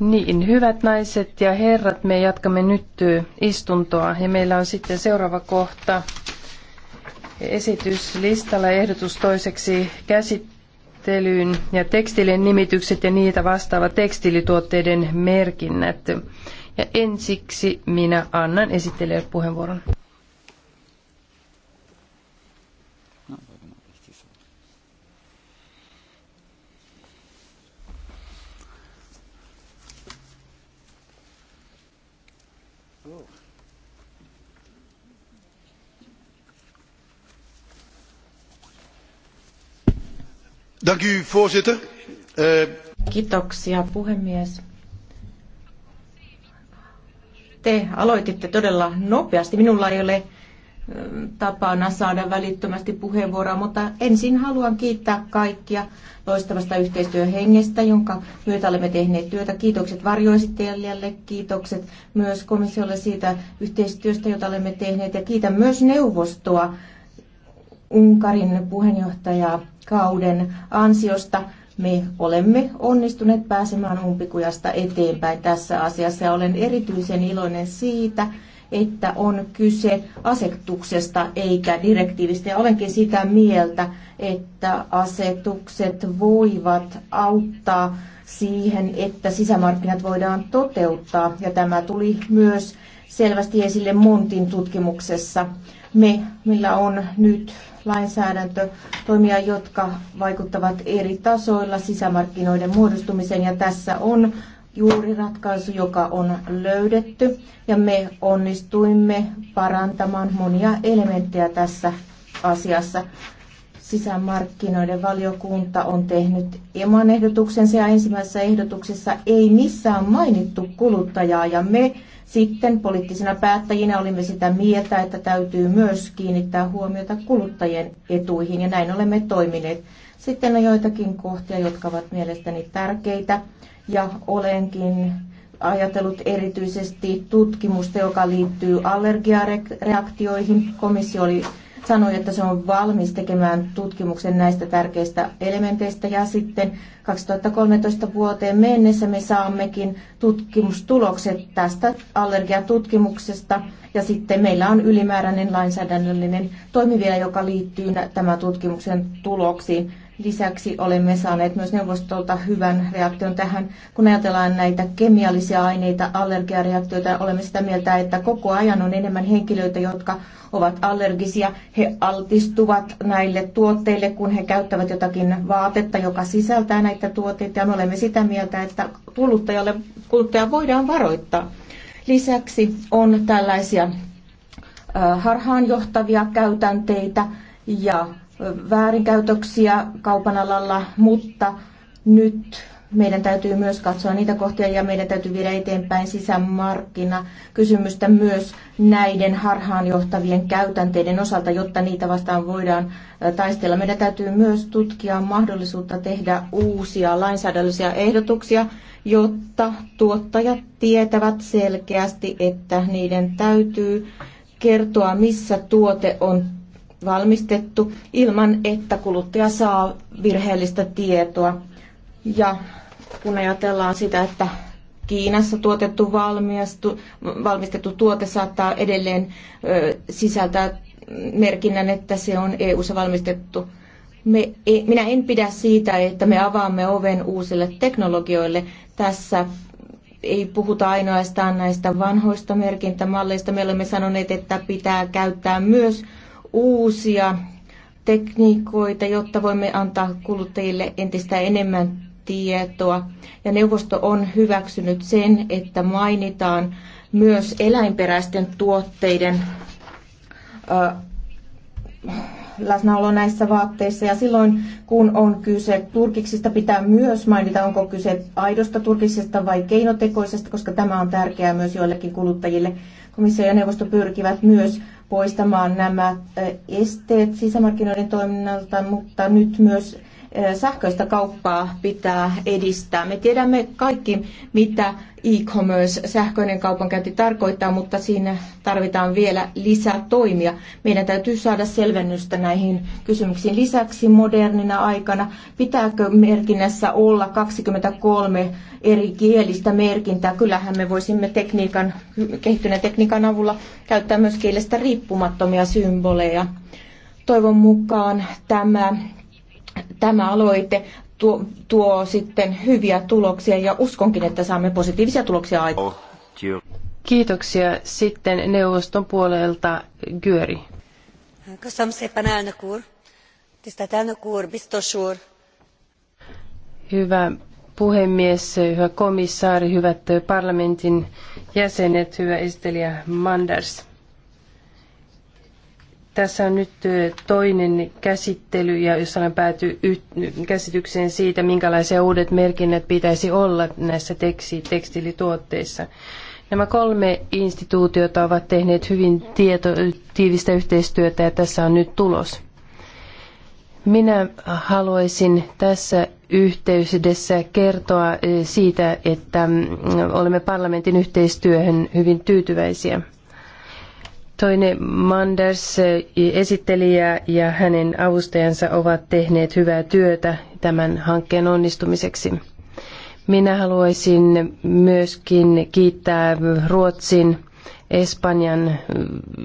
Niin, hyvät naiset ja herrat, me jatkamme nyt äh, istuntoa ja meillä on sitten seuraava kohta esityslistalla ehdotus toiseksi käsittelyyn ja tekstiilien nimitykset ja niitä vastaava tekstiilituotteiden merkinnät. Ja ensiksi minä annan esittelijälle puheenvuoron. Eh, Kiitoksia puhemies. Te aloititte todella nopeasti. Minulla ei ole mm, tapana saada välittömästi puheenvuoroa, mutta ensin haluan kiittää kaikkia loistavasta yhteistyöhengestä, jonka myötä olemme tehneet työtä. Kiitokset varjoesittelijälle, kiitokset myös komissiolle siitä yhteistyöstä, jota olemme tehneet ja kiitän myös neuvostoa Unkarin puheenjohtajakauden ansiosta me olemme onnistuneet pääsemään umpikujasta eteenpäin tässä asiassa ja olen erityisen iloinen siitä, että on kyse asetuksesta eikä direktiivistä. Ja olenkin sitä mieltä, että asetukset voivat auttaa siihen, että sisämarkkinat voidaan toteuttaa. Ja tämä tuli myös selvästi esille Montin tutkimuksessa. Me, millä on nyt lainsäädäntötoimia, jotka vaikuttavat eri tasoilla sisämarkkinoiden muodostumiseen ja tässä on juuri ratkaisu, joka on löydetty ja me onnistuimme parantamaan monia elementtejä tässä asiassa. Sisämarkkinoiden valiokunta on tehnyt eman ehdotuksensa ja ensimmäisessä ehdotuksessa ei missään mainittu kuluttajaa ja me sitten poliittisina päättäjinä olimme sitä mieltä, että täytyy myös kiinnittää huomiota kuluttajien etuihin ja näin olemme toimineet. Sitten on joitakin kohtia, jotka ovat mielestäni tärkeitä ja olenkin ajatellut erityisesti tutkimusta, joka liittyy allergiareaktioihin. Komissio oli sanoi, että se on valmis tekemään tutkimuksen näistä tärkeistä elementeistä ja sitten 2013 vuoteen mennessä me saammekin tutkimustulokset tästä allergiatutkimuksesta ja sitten meillä on ylimääräinen lainsäädännöllinen toimi vielä, joka liittyy tämän tutkimuksen tuloksiin. Lisäksi olemme saaneet myös neuvostolta hyvän reaktion tähän. Kun ajatellaan näitä kemiallisia aineita, allergiareaktioita, olemme sitä mieltä, että koko ajan on enemmän henkilöitä, jotka ovat allergisia. He altistuvat näille tuotteille, kun he käyttävät jotakin vaatetta, joka sisältää näitä tuotteita. Ja me olemme sitä mieltä, että kuluttajalle, kuluttaja voidaan varoittaa. Lisäksi on tällaisia harhaanjohtavia käytänteitä ja väärinkäytöksiä kaupan alalla, mutta nyt meidän täytyy myös katsoa niitä kohtia ja meidän täytyy viedä eteenpäin sisämarkkina kysymystä myös näiden harhaanjohtavien käytänteiden osalta, jotta niitä vastaan voidaan taistella. Meidän täytyy myös tutkia mahdollisuutta tehdä uusia lainsäädännöllisiä ehdotuksia, jotta tuottajat tietävät selkeästi, että niiden täytyy kertoa, missä tuote on valmistettu ilman, että kuluttaja saa virheellistä tietoa. Ja kun ajatellaan sitä, että Kiinassa tuotettu valmistu, valmistettu tuote saattaa edelleen ö, sisältää merkinnän, että se on EU-ssa valmistettu. Me, e, minä en pidä siitä, että me avaamme oven uusille teknologioille. Tässä ei puhuta ainoastaan näistä vanhoista merkintämalleista. Me olemme sanoneet, että pitää käyttää myös uusia tekniikoita, jotta voimme antaa kuluttajille entistä enemmän tietoa. Ja neuvosto on hyväksynyt sen, että mainitaan myös eläinperäisten tuotteiden ö, läsnäolo näissä vaatteissa. Ja silloin, kun on kyse turkiksista, pitää myös mainita, onko kyse aidosta turkiksesta vai keinotekoisesta, koska tämä on tärkeää myös joillekin kuluttajille. Komissio ja neuvosto pyrkivät myös poistamaan nämä esteet sisämarkkinoiden toiminnalta, mutta nyt myös sähköistä kauppaa pitää edistää. Me tiedämme kaikki, mitä e-commerce, sähköinen kaupankäynti tarkoittaa, mutta siinä tarvitaan vielä lisää toimia. Meidän täytyy saada selvennystä näihin kysymyksiin. Lisäksi modernina aikana pitääkö merkinnässä olla 23 eri kielistä merkintää? Kyllähän me voisimme tekniikan, kehittyneen tekniikan avulla käyttää myös kielestä riippumattomia symboleja. Toivon mukaan tämä tämä aloite tuo, tuo sitten hyviä tuloksia ja uskonkin, että saamme positiivisia tuloksia aikaan. Kiitoksia. Sitten neuvoston puolelta Györi. Hyvä puhemies, hyvä komissaari, hyvät parlamentin jäsenet, hyvä esittelijä Manders. Tässä on nyt toinen käsittely, ja jossa olen pääty käsitykseen siitä, minkälaisia uudet merkinnät pitäisi olla näissä teksti- tekstiilituotteissa. Nämä kolme instituutiota ovat tehneet hyvin tieto, tiivistä yhteistyötä ja tässä on nyt tulos. Minä haluaisin tässä yhteydessä kertoa siitä, että mm, olemme parlamentin yhteistyöhön hyvin tyytyväisiä. Toinen Manders eh, esittelijä ja hänen avustajansa ovat tehneet hyvää työtä tämän hankkeen onnistumiseksi. Minä haluaisin myöskin kiittää Ruotsin, Espanjan eh,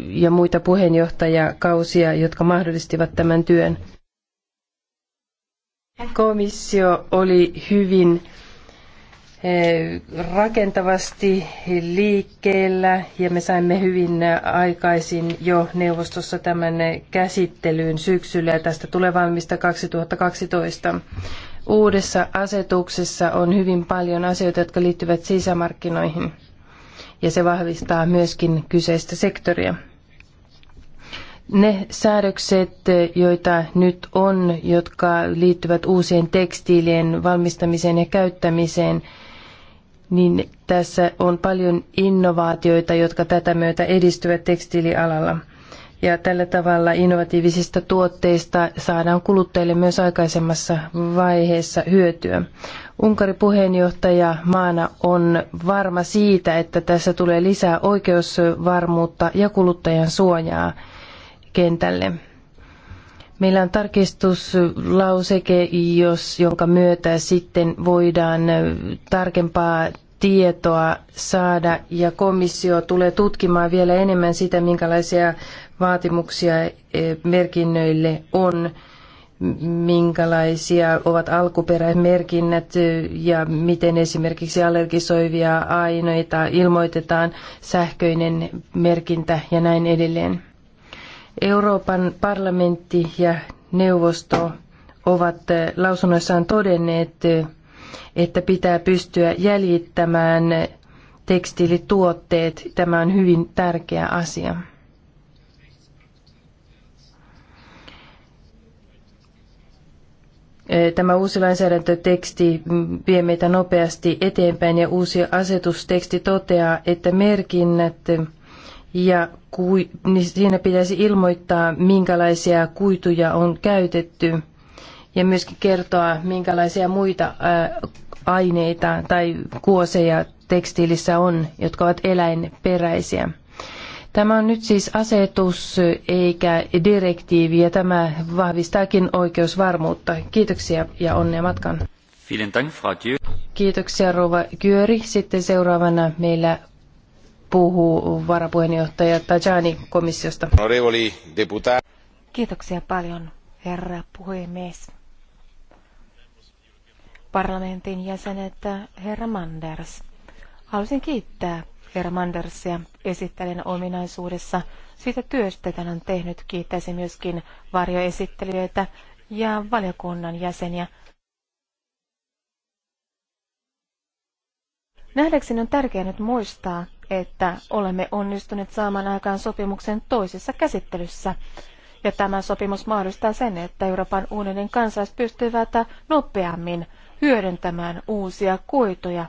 ja muita puheenjohtajakausia, jotka mahdollistivat tämän työn. Komissio oli hyvin Eh, rakentavasti liikkeellä ja me saimme hyvin aikaisin jo neuvostossa tämän käsittelyyn syksyllä ja tästä tulee valmista 2012. Uudessa asetuksessa on hyvin paljon asioita, jotka liittyvät sisämarkkinoihin ja se vahvistaa myöskin kyseistä sektoria. Ne säädökset, joita nyt on, jotka liittyvät uusien tekstiilien valmistamiseen ja käyttämiseen, niin tässä on paljon innovaatioita, jotka tätä myötä edistyvät tekstiilialalla. Ja tällä tavalla innovatiivisista tuotteista saadaan kuluttajille myös aikaisemmassa vaiheessa hyötyä. Unkari puheenjohtaja maana on varma siitä, että tässä tulee lisää oikeusvarmuutta ja kuluttajan suojaa kentälle. Meillä on tarkistuslauseke, jos, jonka myötä sitten voidaan tarkempaa tietoa saada ja komissio tulee tutkimaan vielä enemmän sitä, minkälaisia vaatimuksia merkinnöille on, minkälaisia ovat alkuperämerkinnät ja miten esimerkiksi allergisoivia aineita ilmoitetaan, sähköinen merkintä ja näin edelleen. Euroopan parlamentti ja neuvosto ovat eh, lausunnoissaan todenneet, eh, että pitää pystyä jäljittämään tekstiilituotteet. Tämä on hyvin tärkeä asia. Eh, tämä uusi lainsäädäntöteksti mm, vie meitä nopeasti eteenpäin ja uusi asetusteksti toteaa, että merkinnät ja kui, niin siinä pitäisi ilmoittaa, minkälaisia kuituja on käytetty ja myöskin kertoa, minkälaisia muita äh, aineita tai kuoseja tekstiilissä on, jotka ovat eläinperäisiä. Tämä on nyt siis asetus eikä direktiivi ja tämä vahvistaakin oikeusvarmuutta. Kiitoksia ja onnea matkaan. Kiitoksia Rova Kyöri. Sitten seuraavana meillä puhuu varapuheenjohtaja Tajani komissiosta. Kiitoksia paljon, herra puhemies. Parlamentin jäsenet, herra Manders. Haluaisin kiittää herra Mandersia esittelijän ominaisuudessa siitä työstä, jota on tehnyt. Kiittäisin myöskin varjoesittelijöitä ja valiokunnan jäseniä. Nähdäkseni on tärkeää nyt muistaa, että olemme onnistuneet saamaan aikaan sopimuksen toisessa käsittelyssä. Ja tämä sopimus mahdollistaa sen, että Euroopan unionin kansalaiset pystyvät nopeammin hyödyntämään uusia kuituja.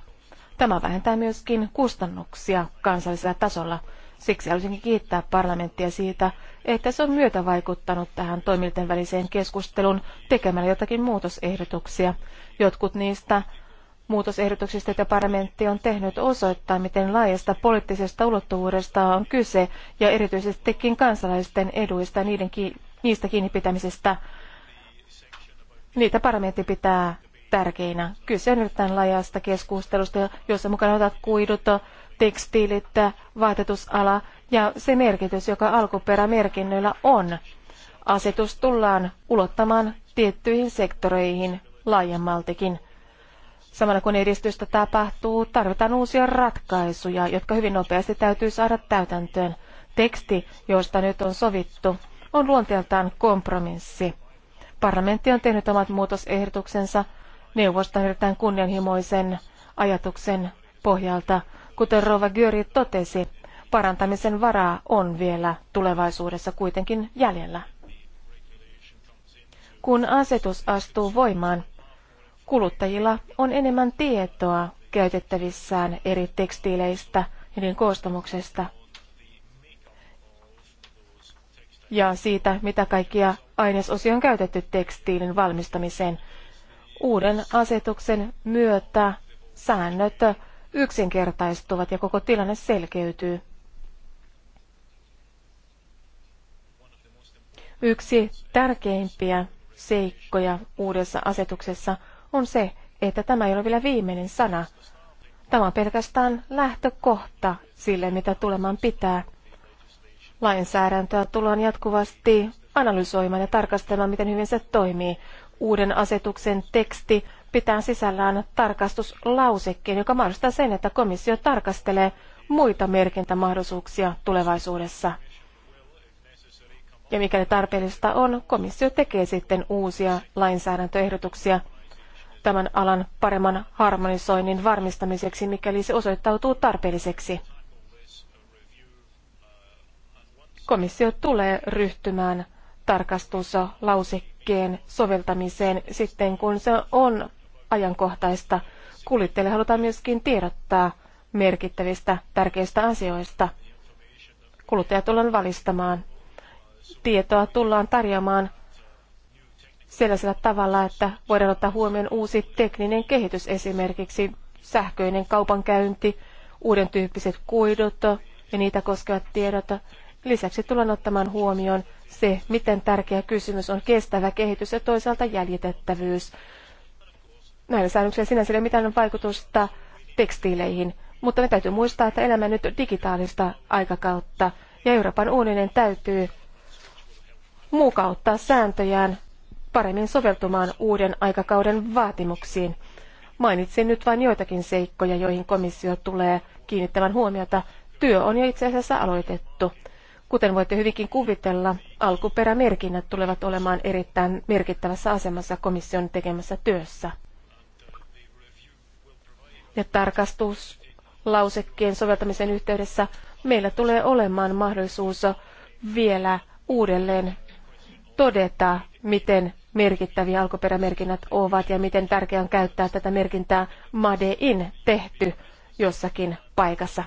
Tämä vähentää myöskin kustannuksia kansallisella tasolla. Siksi haluaisinkin kiittää parlamenttia siitä, että se on myötä vaikuttanut tähän toimilten väliseen keskusteluun tekemällä jotakin muutosehdotuksia. Jotkut niistä muutosehdotuksista, joita parlamentti on tehnyt, osoittaa, miten laajasta poliittisesta ulottuvuudesta on kyse ja erityisestikin kansalaisten eduista niiden ki- niistä kiinni pitämisestä. Niitä parlamentti pitää tärkeinä. Kyse on erittäin laajasta keskustelusta, jossa mukana ovat kuidut, tekstiilit, vaatetusala ja se merkitys, joka alkuperämerkinnöillä on. Asetus tullaan ulottamaan tiettyihin sektoreihin laajemmaltikin. Samalla kun edistystä tapahtuu, tarvitaan uusia ratkaisuja, jotka hyvin nopeasti täytyy saada täytäntöön. Teksti, josta nyt on sovittu, on luonteeltaan kompromissi. Parlamentti on tehnyt omat muutosehdotuksensa neuvoston erittäin kunnianhimoisen ajatuksen pohjalta. Kuten Rova Györi totesi, parantamisen varaa on vielä tulevaisuudessa kuitenkin jäljellä. Kun asetus astuu voimaan, Kuluttajilla on enemmän tietoa käytettävissään eri tekstiileistä ja niiden koostumuksesta ja siitä, mitä kaikkia ainesosia on käytetty tekstiilin valmistamiseen. Uuden asetuksen myötä säännöt yksinkertaistuvat ja koko tilanne selkeytyy. Yksi tärkeimpiä seikkoja uudessa asetuksessa on se, että tämä ei ole vielä viimeinen sana. Tämä on pelkästään lähtökohta sille, mitä tuleman pitää. Lainsäädäntöä tullaan jatkuvasti analysoimaan ja tarkastelemaan, miten hyvin se toimii. Uuden asetuksen teksti pitää sisällään tarkastuslausekkeen, joka mahdollistaa sen, että komissio tarkastelee muita merkintämahdollisuuksia tulevaisuudessa. Ja mikäli tarpeellista on, komissio tekee sitten uusia lainsäädäntöehdotuksia tämän alan paremman harmonisoinnin varmistamiseksi, mikäli se osoittautuu tarpeelliseksi. Komissio tulee ryhtymään tarkastuslausekkeen lausekkeen soveltamiseen sitten, kun se on ajankohtaista. Kuluttajille halutaan myöskin tiedottaa merkittävistä tärkeistä asioista. Kuluttajat tullaan valistamaan. Tietoa tullaan tarjoamaan sellaisella tavalla, että voidaan ottaa huomioon uusi tekninen kehitys, esimerkiksi sähköinen kaupankäynti, uuden tyyppiset kuidut ja niitä koskevat tiedot. Lisäksi tullaan ottamaan huomioon se, miten tärkeä kysymys on kestävä kehitys ja toisaalta jäljitettävyys. Näillä säännöksillä sinänsä ei ole mitään vaikutusta tekstiileihin, mutta me täytyy muistaa, että elämme nyt digitaalista aikakautta ja Euroopan unionin täytyy mukauttaa sääntöjään paremmin soveltumaan uuden aikakauden vaatimuksiin. Mainitsin nyt vain joitakin seikkoja, joihin komissio tulee kiinnittämään huomiota. Työ on jo itse asiassa aloitettu. Kuten voitte hyvinkin kuvitella, alkuperämerkinnät tulevat olemaan erittäin merkittävässä asemassa komission tekemässä työssä. Ja tarkastuslausekkeen soveltamisen yhteydessä meillä tulee olemaan mahdollisuus vielä uudelleen todeta, miten merkittäviä alkuperämerkinnät ovat ja miten tärkeää on käyttää tätä merkintää Made in tehty jossakin paikassa.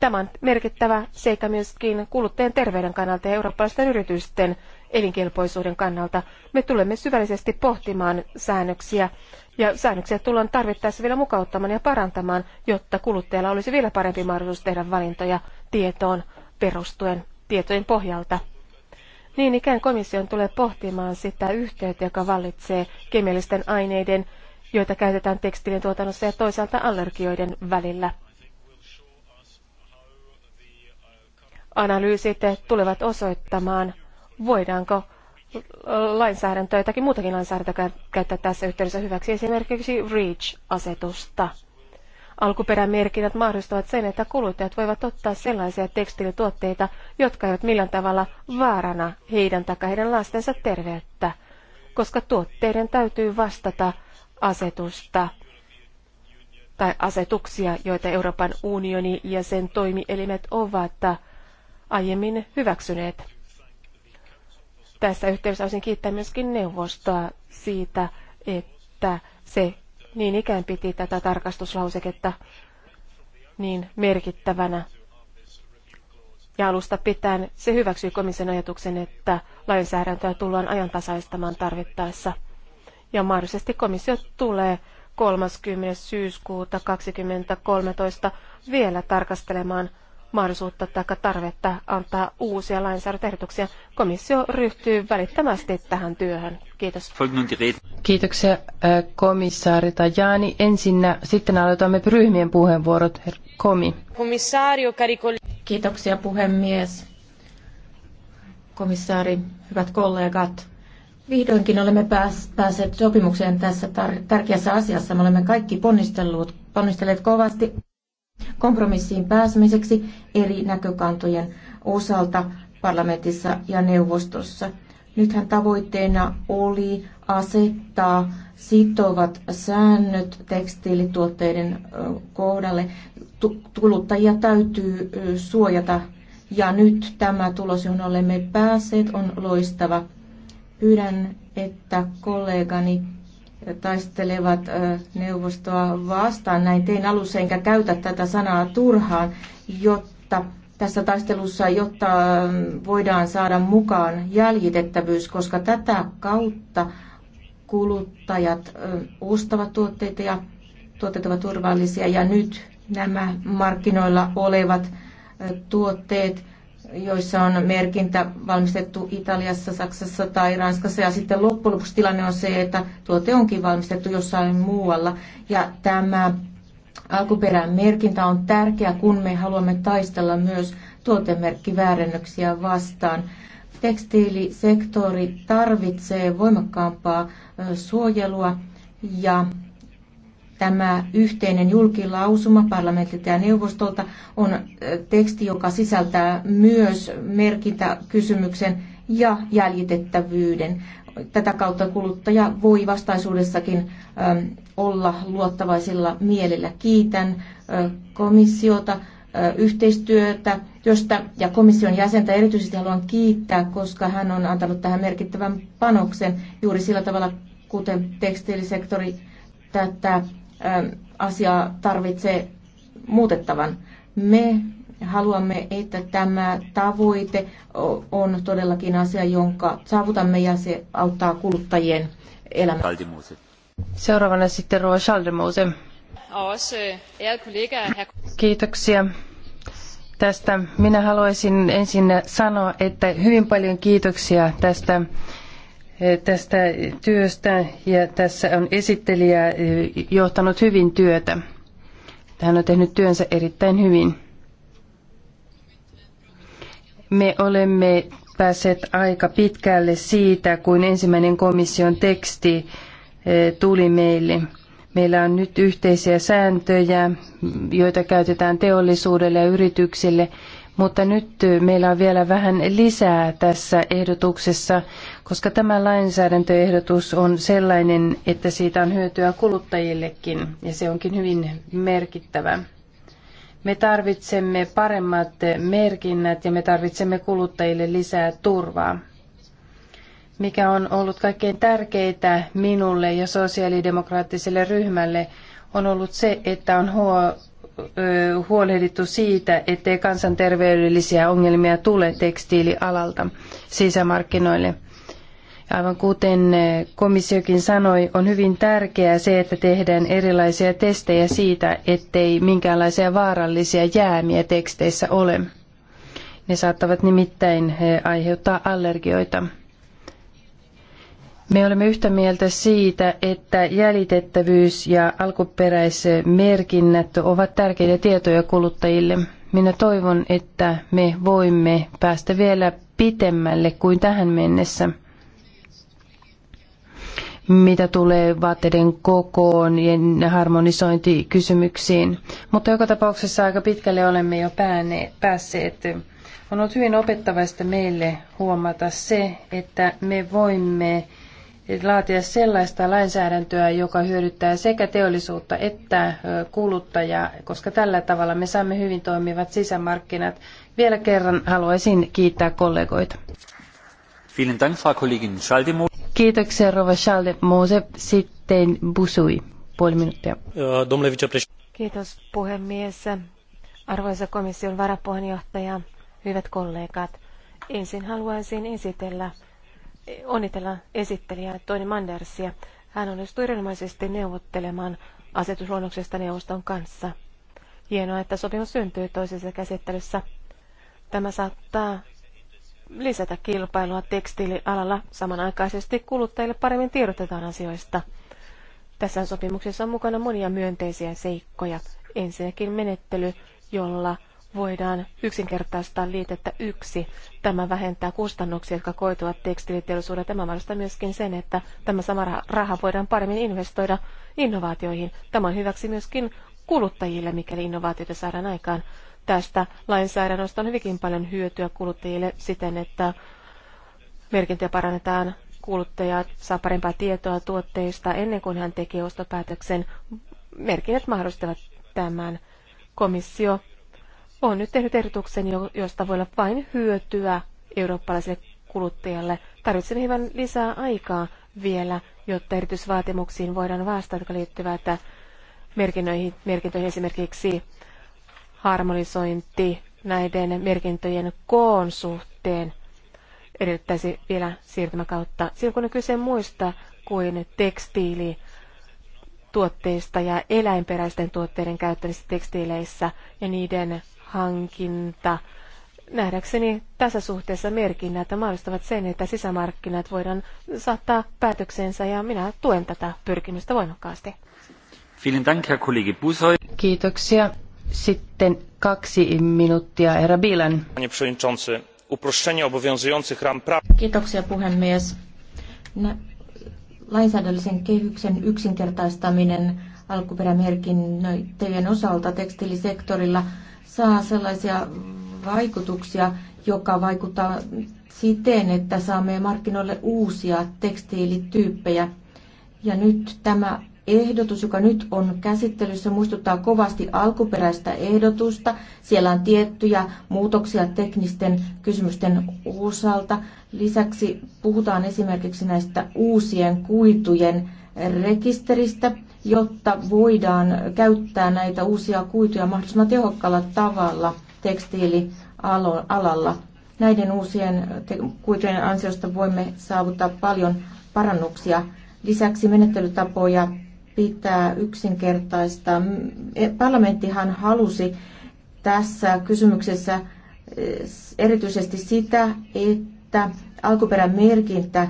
Tämä on merkittävä seikka myöskin kuluttajien terveyden kannalta ja eurooppalaisten yritysten elinkelpoisuuden kannalta. Me tulemme syvällisesti pohtimaan säännöksiä ja säännöksiä tullaan tarvittaessa vielä mukauttamaan ja parantamaan, jotta kuluttajalla olisi vielä parempi mahdollisuus tehdä valintoja tietoon perustuen tietojen pohjalta. Niin ikään komission tulee pohtimaan sitä yhteyttä, joka vallitsee kemiallisten aineiden, joita käytetään tekstiilien tuotannossa ja toisaalta allergioiden välillä. Analyysit tulevat osoittamaan, voidaanko lainsäädäntöä, jotakin muutakin lainsäädäntöä käyttää tässä yhteydessä hyväksi, esimerkiksi REACH-asetusta. Alkuperämerkinnät mahdollistavat sen, että kuluttajat voivat ottaa sellaisia tekstiilituotteita, jotka eivät millään tavalla vaarana heidän tai heidän lastensa terveyttä, koska tuotteiden täytyy vastata asetusta tai asetuksia, joita Euroopan unioni ja sen toimielimet ovat aiemmin hyväksyneet. Tässä yhteydessä olisin kiittää myöskin neuvostoa siitä, että se niin ikään piti tätä tarkastuslauseketta niin merkittävänä. Ja alusta pitäen se hyväksyi komission ajatuksen, että lainsäädäntöä tullaan ajantasaistamaan tarvittaessa. Ja mahdollisesti komissio tulee 30. syyskuuta 2013 vielä tarkastelemaan – mahdollisuutta tai tarvetta antaa uusia lainsäädäntöehdotuksia. Komissio ryhtyy välittömästi tähän työhön. Kiitos. Kiitoksia äh, komissaari Tajani. Ensinnä sitten aloitamme ryhmien puheenvuorot. Komi. Kiitoksia puhemies. Komissaari, hyvät kollegat. Vihdoinkin olemme päässeet sopimukseen tässä tärkeässä asiassa. Me olemme kaikki ponnistelleet kovasti kompromissiin pääsemiseksi eri näkökantojen osalta parlamentissa ja neuvostossa. Nythän tavoitteena oli asettaa sitovat säännöt tekstiilituotteiden kohdalle. Kuluttajia täytyy suojata ja nyt tämä tulos, johon olemme päässeet, on loistava. Pyydän, että kollegani taistelevat neuvostoa vastaan. Näin tein alussa, enkä käytä tätä sanaa turhaan, jotta tässä taistelussa, jotta voidaan saada mukaan jäljitettävyys, koska tätä kautta kuluttajat ostavat tuotteita ja tuotteet ovat turvallisia ja nyt nämä markkinoilla olevat tuotteet joissa on merkintä valmistettu Italiassa, Saksassa tai Ranskassa ja sitten loppujen lopuksi tilanne on se, että tuote onkin valmistettu jossain muualla ja tämä alkuperän merkintä on tärkeä, kun me haluamme taistella myös tuotemerkkiväärennöksiä vastaan. Tekstiilisektori tarvitsee voimakkaampaa suojelua ja Tämä yhteinen julkilausuma parlamentilta ja neuvostolta on teksti, joka sisältää myös merkintäkysymyksen ja jäljitettävyyden. Tätä kautta kuluttaja voi vastaisuudessakin olla luottavaisilla mielellä. Kiitän komissiota yhteistyötä työstä ja komission jäsentä erityisesti haluan kiittää, koska hän on antanut tähän merkittävän panoksen juuri sillä tavalla, kuten tekstiilisektori tätä asiaa tarvitsee muutettavan. Me haluamme, että tämä tavoite on todellakin asia, jonka saavutamme ja se auttaa kuluttajien elämää. Seuraavana sitten Roa Schaldemose. Kiitoksia tästä. Minä haluaisin ensin sanoa, että hyvin paljon kiitoksia tästä tästä työstä ja tässä on esittelijä eh, johtanut hyvin työtä. Hän on tehnyt työnsä erittäin hyvin. Me olemme päässeet aika pitkälle siitä, kun ensimmäinen komission teksti eh, tuli meille. Meillä on nyt yhteisiä sääntöjä, joita käytetään teollisuudelle ja yrityksille, mutta nyt meillä on vielä vähän lisää tässä ehdotuksessa, koska tämä lainsäädäntöehdotus on sellainen, että siitä on hyötyä kuluttajillekin ja se onkin hyvin merkittävä. Me tarvitsemme paremmat merkinnät ja me tarvitsemme kuluttajille lisää turvaa. Mikä on ollut kaikkein tärkeintä minulle ja sosiaalidemokraattiselle ryhmälle, on ollut se, että on huolehdittu siitä, ettei kansanterveydellisiä ongelmia tule tekstiilialalta sisämarkkinoille. Aivan kuten komissiokin sanoi, on hyvin tärkeää se, että tehdään erilaisia testejä siitä, ettei minkäänlaisia vaarallisia jäämiä teksteissä ole. Ne saattavat nimittäin aiheuttaa allergioita. Me olemme yhtä mieltä siitä, että jäljitettävyys ja alkuperäismerkinnät ovat tärkeitä tietoja kuluttajille. Minä toivon, että me voimme päästä vielä pitemmälle kuin tähän mennessä mitä tulee vaatteiden kokoon ja harmonisointikysymyksiin. Mutta joka tapauksessa aika pitkälle olemme jo päässeet. On ollut hyvin opettavaista meille huomata se, että me voimme laatia sellaista lainsäädäntöä, joka hyödyttää sekä teollisuutta että kuluttajaa, koska tällä tavalla me saamme hyvin toimivat sisämarkkinat. Vielä kerran haluaisin kiittää kollegoita. Kiitoksia, Rova Schaldemose. Sitten Busui, puoli minuuttia. Kiitos, puhemies. Arvoisa komission varapuheenjohtaja, hyvät kollegat. Ensin haluaisin esitellä onnitella esittelijää Toni Mandersia. Hän onnistui erinomaisesti neuvottelemaan asetusluonnoksesta neuvoston kanssa. Hienoa, että sopimus syntyy toisessa käsittelyssä. Tämä saattaa lisätä kilpailua tekstiilialalla. Samanaikaisesti kuluttajille paremmin tiedotetaan asioista. Tässä sopimuksessa on mukana monia myönteisiä seikkoja. Ensinnäkin menettely, jolla voidaan yksinkertaistaa liitettä yksi. Tämä vähentää kustannuksia, jotka koituvat tekstiiliteollisuudelle. Tämä mahdollistaa myöskin sen, että tämä sama raha voidaan paremmin investoida innovaatioihin. Tämä on hyväksi myöskin kuluttajille, mikäli innovaatioita saadaan aikaan. Tästä lainsäädännöstä on hyvinkin paljon hyötyä kuluttajille siten, että merkintöjä parannetaan, kuluttaja saa parempaa tietoa tuotteista ennen kuin hän tekee ostopäätöksen. Merkinnät mahdollistavat tämän komissio on nyt tehnyt ehdotuksen, josta voi olla vain hyötyä eurooppalaiselle kuluttajalle. Tarvitsemme hieman lisää aikaa vielä, jotta erityisvaatimuksiin voidaan vastata, jotka liittyvät merkintöihin, merkintöihin esimerkiksi harmonisointi näiden merkintöjen koon suhteen edellyttäisi vielä siirtymäkautta. Silloin kun on kyse muista kuin tekstiili, tuotteista ja eläinperäisten tuotteiden käyttämisestä tekstiileissä ja niiden hankinta. Nähdäkseni tässä suhteessa merkinnät mahdollistavat sen, että sisämarkkinat voidaan saattaa päätöksensä ja minä tuen tätä pyrkimystä voimakkaasti. Kiitoksia. Sitten kaksi minuuttia, herra Bilan. Kiitoksia puhemies. Lainsäädännöllisen kehyksen yksinkertaistaminen alkuperämerkinnöiden osalta tekstilisektorilla saa sellaisia vaikutuksia, joka vaikuttaa siten, että saamme markkinoille uusia tekstiilityyppejä. Ja nyt tämä ehdotus, joka nyt on käsittelyssä, muistuttaa kovasti alkuperäistä ehdotusta. Siellä on tiettyjä muutoksia teknisten kysymysten osalta. Lisäksi puhutaan esimerkiksi näistä uusien kuitujen rekisteristä jotta voidaan käyttää näitä uusia kuituja mahdollisimman tehokkaalla tavalla tekstiilialalla. Näiden uusien kuitujen ansiosta voimme saavuttaa paljon parannuksia. Lisäksi menettelytapoja pitää yksinkertaistaa. E, parlamenttihan halusi tässä kysymyksessä e, erityisesti sitä, että alkuperämerkintä,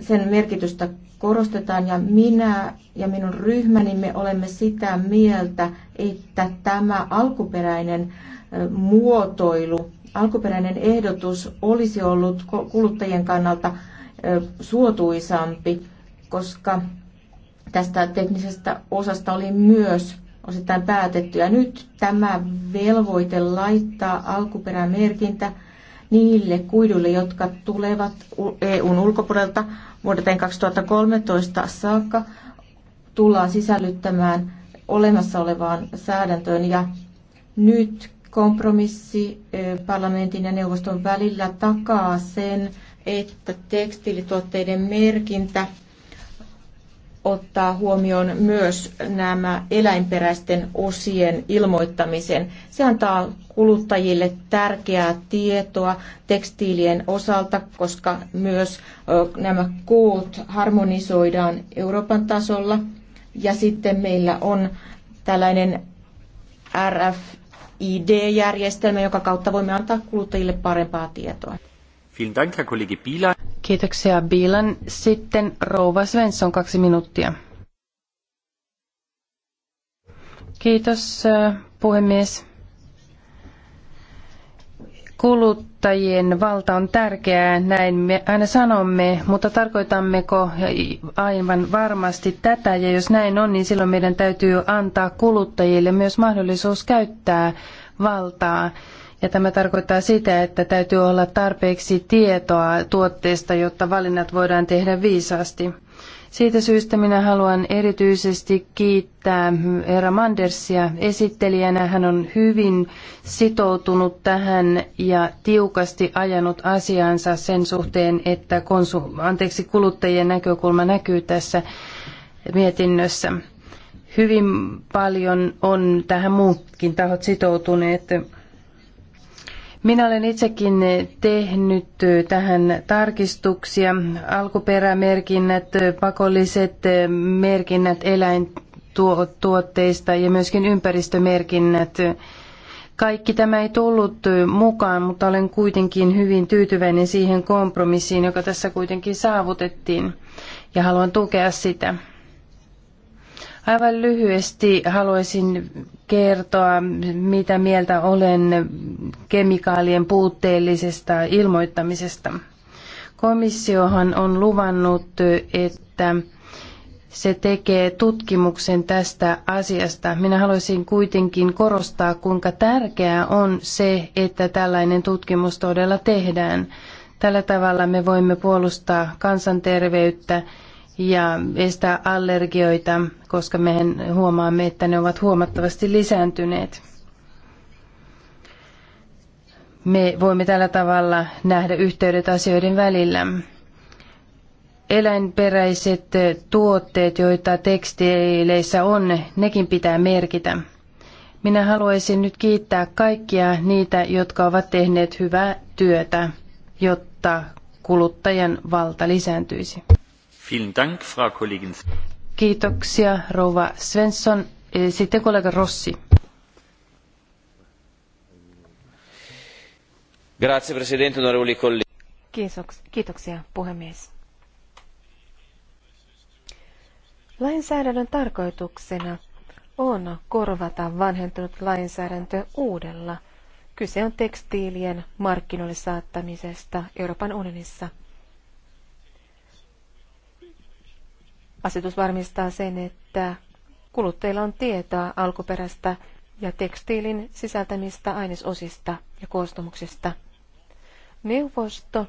sen merkitystä korostetaan ja minä ja minun ryhmäni me olemme sitä mieltä, että tämä alkuperäinen muotoilu, alkuperäinen ehdotus olisi ollut kuluttajien kannalta suotuisampi, koska tästä teknisestä osasta oli myös osittain päätetty. Ja nyt tämä velvoite laittaa alkuperämerkintä niille kuiduille, jotka tulevat EUn ulkopuolelta vuoteen 2013 saakka, tullaan sisällyttämään olemassa olevaan säädäntöön. Ja nyt kompromissi parlamentin ja neuvoston välillä takaa sen, että tekstiilituotteiden merkintä ottaa huomioon myös nämä eläinperäisten osien ilmoittamisen. Se antaa kuluttajille tärkeää tietoa tekstiilien osalta, koska myös nämä koot harmonisoidaan Euroopan tasolla. Ja sitten meillä on tällainen RFID-järjestelmä, joka kautta voimme antaa kuluttajille parempaa tietoa. Kiitoksia Biilan. Sitten Rouva Svensson, kaksi minuuttia. Kiitos äh, puhemies. Kuluttajien valta on tärkeää, näin me aina sanomme, mutta tarkoitammeko aivan varmasti tätä? Ja jos näin on, niin silloin meidän täytyy antaa kuluttajille myös mahdollisuus käyttää valtaa. Ja tämä tarkoittaa sitä, että täytyy olla tarpeeksi tietoa tuotteesta, jotta valinnat voidaan tehdä viisaasti. Siitä syystä minä haluan erityisesti kiittää herra Mandersia esittelijänä. Hän on hyvin sitoutunut tähän ja tiukasti ajanut asiansa sen suhteen, että konsu- anteeksi, kuluttajien näkökulma näkyy tässä mietinnössä. Hyvin paljon on tähän muutkin tahot sitoutuneet. Minä olen itsekin tehnyt tähän tarkistuksia. Alkuperämerkinnät, pakolliset merkinnät eläintuotteista ja myöskin ympäristömerkinnät. Kaikki tämä ei tullut mukaan, mutta olen kuitenkin hyvin tyytyväinen siihen kompromissiin, joka tässä kuitenkin saavutettiin ja haluan tukea sitä. Aivan lyhyesti haluaisin kertoa, mitä mieltä olen kemikaalien puutteellisesta ilmoittamisesta. Komissiohan on luvannut, että se tekee tutkimuksen tästä asiasta. Minä haluaisin kuitenkin korostaa, kuinka tärkeää on se, että tällainen tutkimus todella tehdään. Tällä tavalla me voimme puolustaa kansanterveyttä ja estää allergioita, koska me huomaamme, että ne ovat huomattavasti lisääntyneet. Me voimme tällä tavalla nähdä yhteydet asioiden välillä. Eläinperäiset tuotteet, joita tekstiileissä on, nekin pitää merkitä. Minä haluaisin nyt kiittää kaikkia niitä, jotka ovat tehneet hyvää työtä, jotta kuluttajan valta lisääntyisi. Kiitoksia, rouva Svensson. E, sitten kollega Rossi. Grazie, presidente, onorevoli colleghi. Kiitoksia, puhemies. Lainsäädännön tarkoituksena on korvata vanhentunut lainsäädäntö uudella. Kyse on tekstiilien markkinoille saattamisesta Euroopan unionissa – Asetus varmistaa sen, että kuluttajilla on tietoa alkuperästä ja tekstiilin sisältämistä ainesosista ja koostumuksista. Neuvosto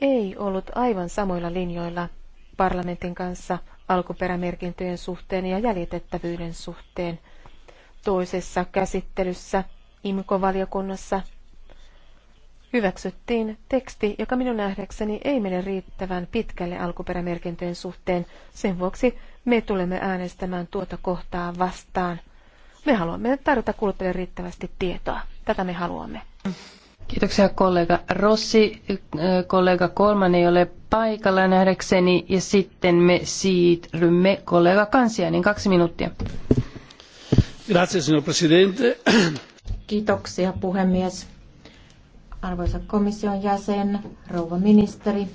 ei ollut aivan samoilla linjoilla parlamentin kanssa alkuperämerkintöjen suhteen ja jäljitettävyyden suhteen. Toisessa käsittelyssä IMKO-valiokunnassa hyväksyttiin teksti, joka minun nähdäkseni ei mene riittävän pitkälle alkuperämerkintöjen suhteen. Sen vuoksi me tulemme äänestämään tuota kohtaa vastaan. Me haluamme tarjota kuluttajille riittävästi tietoa. Tätä me haluamme. Kiitoksia kollega Rossi. Kollega Kolman ei ole paikalla nähdäkseni ja sitten me siirrymme kollega Kansianin kaksi minuuttia. Grazie, signor Presidente. Kiitoksia puhemies. Arvoisa komission jäsen, rouva ministeri,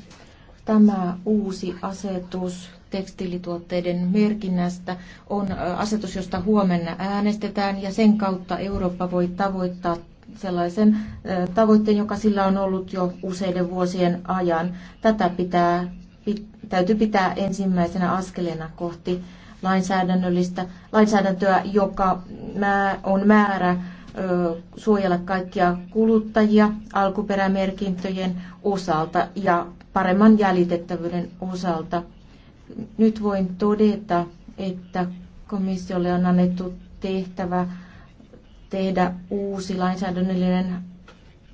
tämä uusi asetus tekstiilituotteiden merkinnästä on asetus, josta huomenna äänestetään ja sen kautta Eurooppa voi tavoittaa sellaisen tavoitteen, joka sillä on ollut jo useiden vuosien ajan. Tätä pitää, täytyy pitää ensimmäisenä askeleena kohti lainsäädännöllistä, lainsäädäntöä, joka on määrä suojella kaikkia kuluttajia alkuperämerkintöjen osalta ja paremman jäljitettävyyden osalta. Nyt voin todeta, että komissiolle on annettu tehtävä tehdä uusi lainsäädännöllinen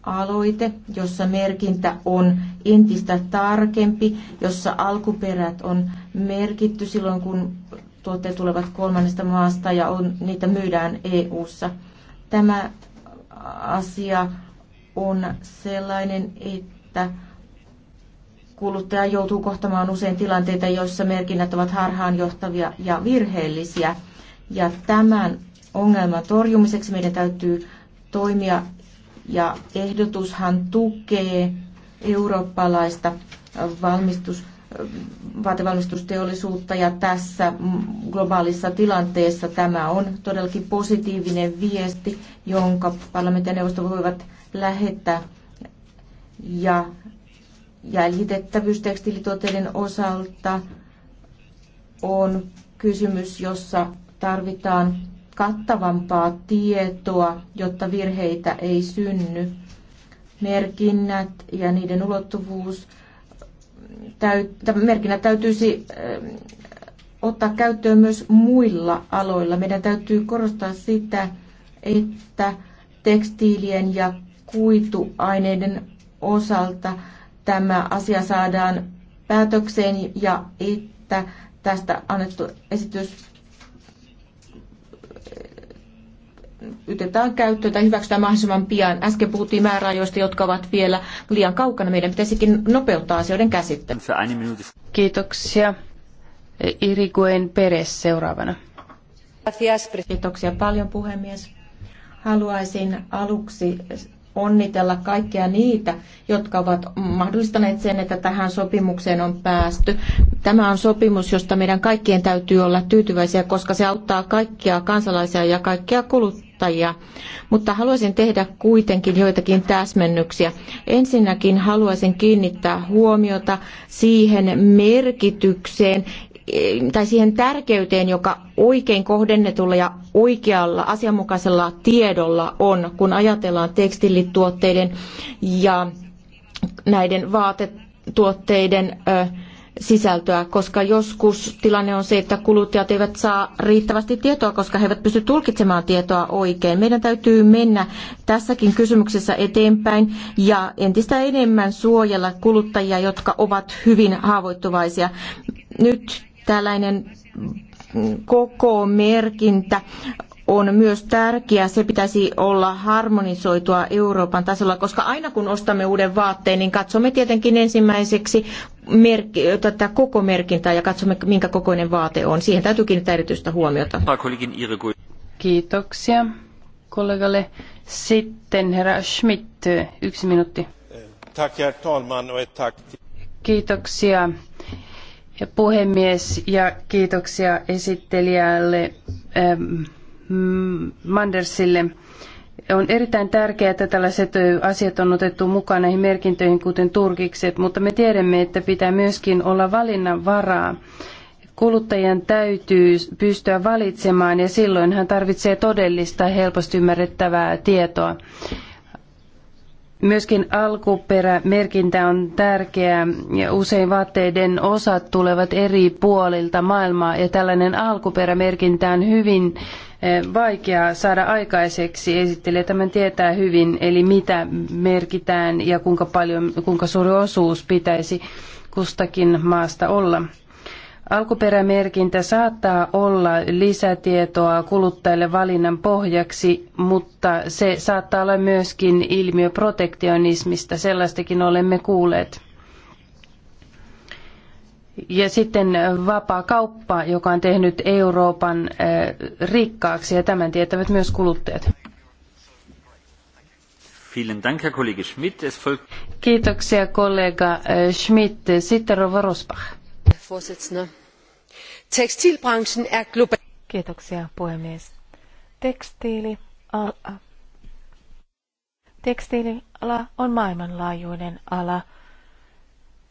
aloite, jossa merkintä on entistä tarkempi, jossa alkuperät on merkitty silloin, kun tuotteet tulevat kolmannesta maasta ja on, niitä myydään EU-ssa. Tämä asia on sellainen, että kuluttaja joutuu kohtamaan usein tilanteita, joissa merkinnät ovat harhaanjohtavia ja virheellisiä. Ja tämän ongelman torjumiseksi meidän täytyy toimia ja ehdotushan tukee eurooppalaista valmistus vaatevalmistusteollisuutta ja tässä globaalissa tilanteessa tämä on todellakin positiivinen viesti, jonka parlamentin ja neuvosto voivat lähettää. Ja jäljitettävyys osalta on kysymys, jossa tarvitaan kattavampaa tietoa, jotta virheitä ei synny. Merkinnät ja niiden ulottuvuus täyt, merkinnät täytyisi ähm, ottaa käyttöön myös muilla aloilla. Meidän täytyy korostaa sitä, että tekstiilien ja kuituaineiden osalta tämä asia saadaan päätökseen ja että tästä annettu esitys otetaan käyttöön tai hyväksytään mahdollisimman pian. Äsken puhuttiin määräajoista, jotka ovat vielä liian kaukana. Meidän pitäisikin nopeuttaa asioiden käsittelyä. Kiitoksia. Iriguen Peres seuraavana. Kiitoksia paljon puhemies. Haluaisin aluksi onnitella kaikkia niitä, jotka ovat mahdollistaneet sen, että tähän sopimukseen on päästy. Tämä on sopimus, josta meidän kaikkien täytyy olla tyytyväisiä, koska se auttaa kaikkia kansalaisia ja kaikkia kuluttajia kuluttajia, mutta haluaisin tehdä kuitenkin joitakin täsmennyksiä. Ensinnäkin haluaisin kiinnittää huomiota siihen merkitykseen, eh, tai siihen tärkeyteen, joka oikein kohdennetulla ja oikealla asianmukaisella tiedolla on, kun ajatellaan tekstiilituotteiden ja näiden vaatetuotteiden äh, sisältöä, koska joskus tilanne on se, että kuluttajat eivät saa riittävästi tietoa, koska he eivät pysty tulkitsemaan tietoa oikein. Meidän täytyy mennä tässäkin kysymyksessä eteenpäin ja entistä enemmän suojella kuluttajia, jotka ovat hyvin haavoittuvaisia. Nyt tällainen koko merkintä on myös tärkeä. Se pitäisi olla harmonisoitua Euroopan tasolla, koska aina kun ostamme uuden vaatteen, niin katsomme tietenkin ensimmäiseksi merki, tätä koko merkintää ja katsomme, minkä kokoinen vaate on. Siihen täytyy kiinnittää erityistä huomiota. Kiitoksia kollegalle. Sitten herra Schmidt, yksi minuutti. Tack, herr talman, och tack. Kiitoksia puhemies ja kiitoksia esittelijälle. Ähm, Mandersille. On erittäin tärkeää, että tällaiset asiat on otettu mukaan näihin merkintöihin, kuten turkikset, mutta me tiedämme, että pitää myöskin olla valinnanvaraa. Kuluttajan täytyy pystyä valitsemaan ja silloin hän tarvitsee todellista helposti ymmärrettävää tietoa. Myöskin alkuperämerkintä on tärkeää ja usein vaatteiden osat tulevat eri puolilta maailmaa ja tällainen alkuperämerkintä on hyvin Eh, vaikea saada aikaiseksi. Esittelee tämän tietää hyvin, eli mitä merkitään ja kuinka, paljon, kuinka suuri osuus pitäisi kustakin maasta olla. Alkuperämerkintä saattaa olla lisätietoa kuluttajille valinnan pohjaksi, mutta se saattaa olla myöskin ilmiö protektionismista. Sellaistakin olemme kuulleet. Ja sitten vapaa kauppa, joka on tehnyt Euroopan eh, rikkaaksi ja tämän tietävät myös kuluttajat. Kiitoksia kollega eh, Schmidt. Sitten Rova Rosbach. Er Kiitoksia puhemies. Tekstiili, tekstiiliala on maailmanlaajuinen ala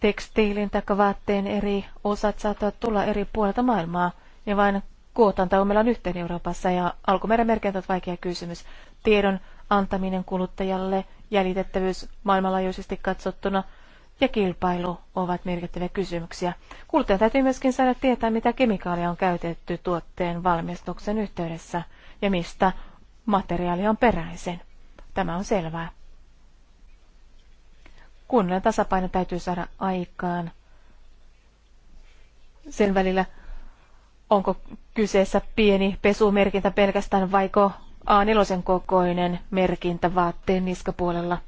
tekstiilin tai vaatteen eri osat saattavat tulla eri puolilta maailmaa ja vain kuotanta on meillä on yhteen Euroopassa ja alkuperän merkintä on vaikea kysymys. Tiedon antaminen kuluttajalle, jäljitettävyys maailmanlaajuisesti katsottuna ja kilpailu ovat merkittäviä kysymyksiä. Kuluttajan täytyy myöskin saada tietää, mitä kemikaalia on käytetty tuotteen valmistuksen yhteydessä ja mistä materiaali on peräisin. Tämä on selvää kunnan tasapaino täytyy saada aikaan. Sen välillä, onko kyseessä pieni pesumerkintä pelkästään vaiko A4 kokoinen merkintä vaatteen niskapuolella.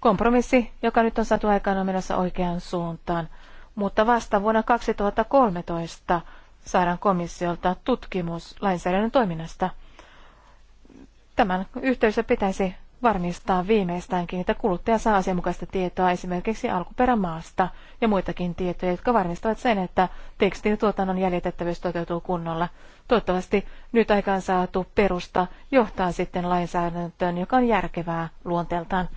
Kompromissi, joka nyt on saatu aikaan, on menossa oikeaan suuntaan, mutta vasta vuonna 2013 saadaan komissiolta tutkimus lainsäädännön toiminnasta. Tämän yhteydessä pitäisi varmistaa viimeistäänkin, että kuluttaja saa asianmukaista tietoa esimerkiksi alkuperämaasta ja muitakin tietoja, jotka varmistavat sen, että tuotannon jäljitettävyys toteutuu kunnolla. Toivottavasti nyt aikaan saatu perusta johtaa sitten lainsäädäntöön, joka on järkevää luonteeltaan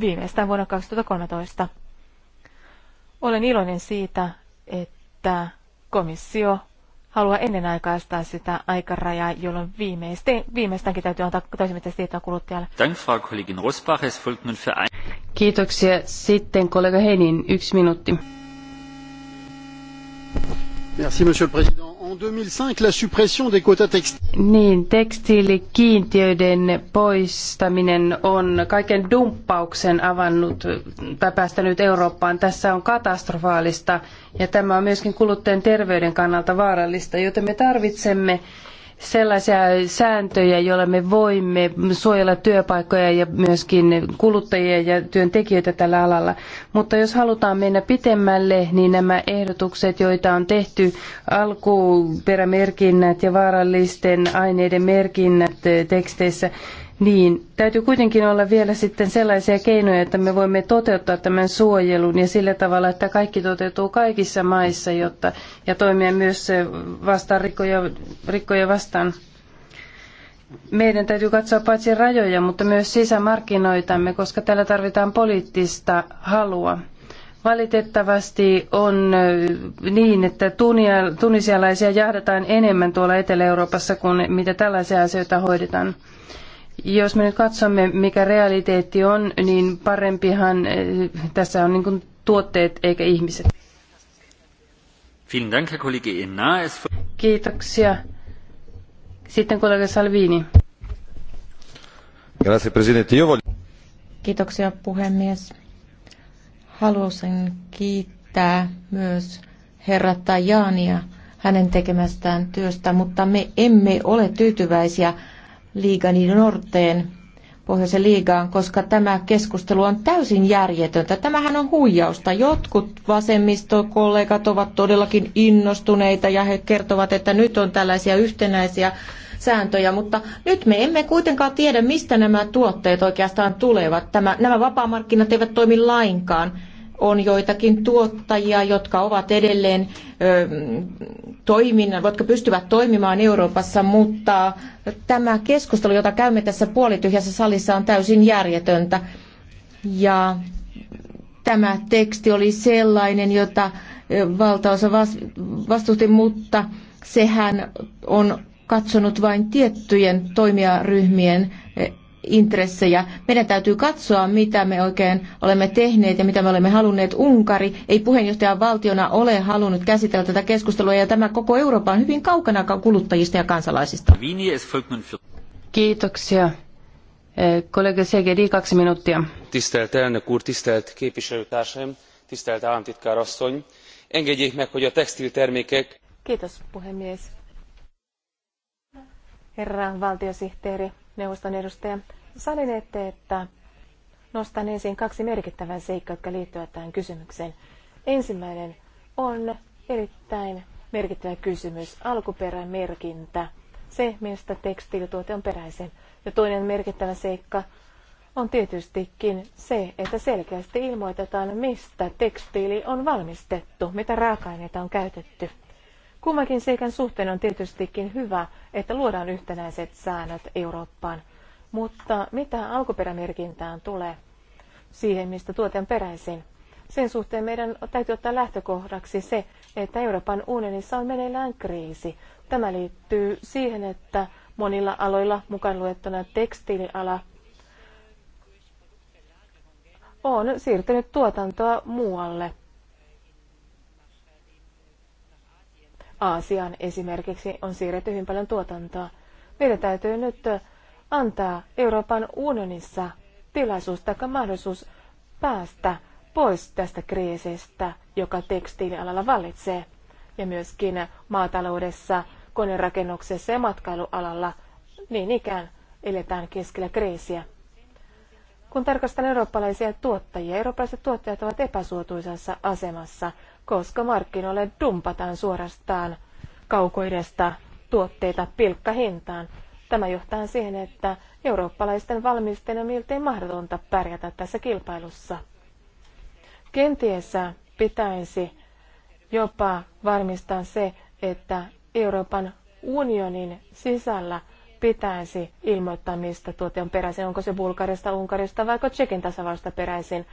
viimeistään vuonna 2013. Olen iloinen siitä, että komissio halua aikaistaa sitä aikarajaa, jolloin viimeistäänkin täytyy antaa täysimittaista tietoa kuluttajalle. Kiitoksia. Sitten kollega Henin, yksi minuutti. Merci, monsieur le président. En 2005 la suppression des quotas Niin, tekstiilikiintiöiden poistaminen on kaiken dumppauksen avannut tai päästänyt Eurooppaan. Tässä on katastrofaalista ja tämä on myöskin kuluttajien terveyden kannalta vaarallista, joten me tarvitsemme sellaisia sääntöjä, joilla me voimme suojella työpaikkoja ja myöskin kuluttajia ja työntekijöitä tällä alalla. Mutta jos halutaan mennä pitemmälle, niin nämä ehdotukset, joita on tehty, alkuperämerkinnät ja vaarallisten aineiden merkinnät eh, teksteissä, niin, täytyy kuitenkin olla vielä sitten sellaisia keinoja, että me voimme toteuttaa tämän suojelun ja sillä tavalla, että kaikki toteutuu kaikissa maissa jotta, ja toimia myös eh, vastaan rikkoja, rikkoja vastaan. Meidän täytyy katsoa paitsi rajoja, mutta myös sisämarkkinoitamme, koska täällä tarvitaan poliittista halua. Valitettavasti on eh, niin, että tunisialaisia jahdataan enemmän tuolla Etelä-Euroopassa kuin mitä tällaisia asioita hoidetaan. Jos me nyt katsomme, mikä realiteetti on, niin parempihan eh, tässä on niin tuotteet eikä ihmiset. Kiitoksia. Sitten kollega Salvini. Kiitoksia puhemies. Haluaisin kiittää myös herra Tajania hänen tekemästään työstä, mutta me emme ole tyytyväisiä liigan niiden norteen Pohjoisen liigaan, koska tämä keskustelu on täysin järjetöntä. Tämähän on huijausta. Jotkut vasemmistokollegat ovat todellakin innostuneita ja he kertovat, että nyt on tällaisia yhtenäisiä sääntöjä, mutta nyt me emme kuitenkaan tiedä, mistä nämä tuotteet oikeastaan tulevat. Tämä, nämä vapaamarkkinat eivät toimi lainkaan on joitakin tuottajia, jotka ovat edelleen toiminnan, jotka pystyvät toimimaan Euroopassa, mutta tämä keskustelu, jota käymme tässä puolityhjässä salissa, on täysin järjetöntä. Ja tämä teksti oli sellainen, jota valtaosa vastusti, mutta sehän on katsonut vain tiettyjen toimijaryhmien intressejä. Meidän täytyy katsoa, mitä me oikein olemme tehneet ja mitä me olemme halunneet. Unkari ei puheenjohtajan valtiona ole halunnut käsitellä tätä keskustelua ja tämä koko Eurooppa on hyvin kaukana kuluttajista ja kansalaisista. Kiitoksia. Eh, kollega CGD, kaksi minuuttia. Tisztelt elnök úr, tisztelt képviselőtársaim, tisztelt államtitkár asszony. Engedjék meg, hogy a textiltermékek... Kiitos, puhemies. Herra valtiosihteeri, neuvoston edustaja. Salin ette, että nostan ensin kaksi merkittävää seikkaa, jotka liittyvät tähän kysymykseen. Ensimmäinen on erittäin merkittävä kysymys, alkuperämerkintä, se mistä tekstiilituote on peräisin. Ja toinen merkittävä seikka on tietystikin se, että selkeästi ilmoitetaan, mistä tekstiili on valmistettu, mitä raaka-aineita on käytetty. Kummakin seikan suhteen on tietystikin hyvä, että luodaan yhtenäiset säännöt Eurooppaan. Mutta mitä alkuperämerkintään tulee siihen, mistä tuotan peräisin? Sen suhteen meidän täytyy ottaa lähtökohdaksi se, että Euroopan unionissa on meneillään kriisi. Tämä liittyy siihen, että monilla aloilla, mukaan luettuna tekstiiliala, on siirtynyt tuotantoa muualle Aasiaan esimerkiksi on siirretty hyvin paljon tuotantoa. Meidän täytyy nyt antaa Euroopan unionissa tilaisuus tai mahdollisuus päästä pois tästä kriisistä, joka tekstiilialalla vallitsee, ja myöskin maataloudessa, konerakennuksessa ja matkailualalla niin ikään eletään keskellä kriisiä. Kun tarkastan eurooppalaisia tuottajia, eurooppalaiset tuottajat ovat epäsuotuisassa asemassa koska markkinoille dumpataan suorastaan kaukoidesta tuotteita pilkkahintaan. Tämä johtaa siihen, että eurooppalaisten valmistajien on miltei mahdotonta pärjätä tässä kilpailussa. Kenties pitäisi jopa varmistaa se, että Euroopan unionin sisällä pitäisi ilmoittaa, mistä tuote on peräisin. Onko se Bulgarista, Unkarista vai Tsekin tasavallasta peräisin?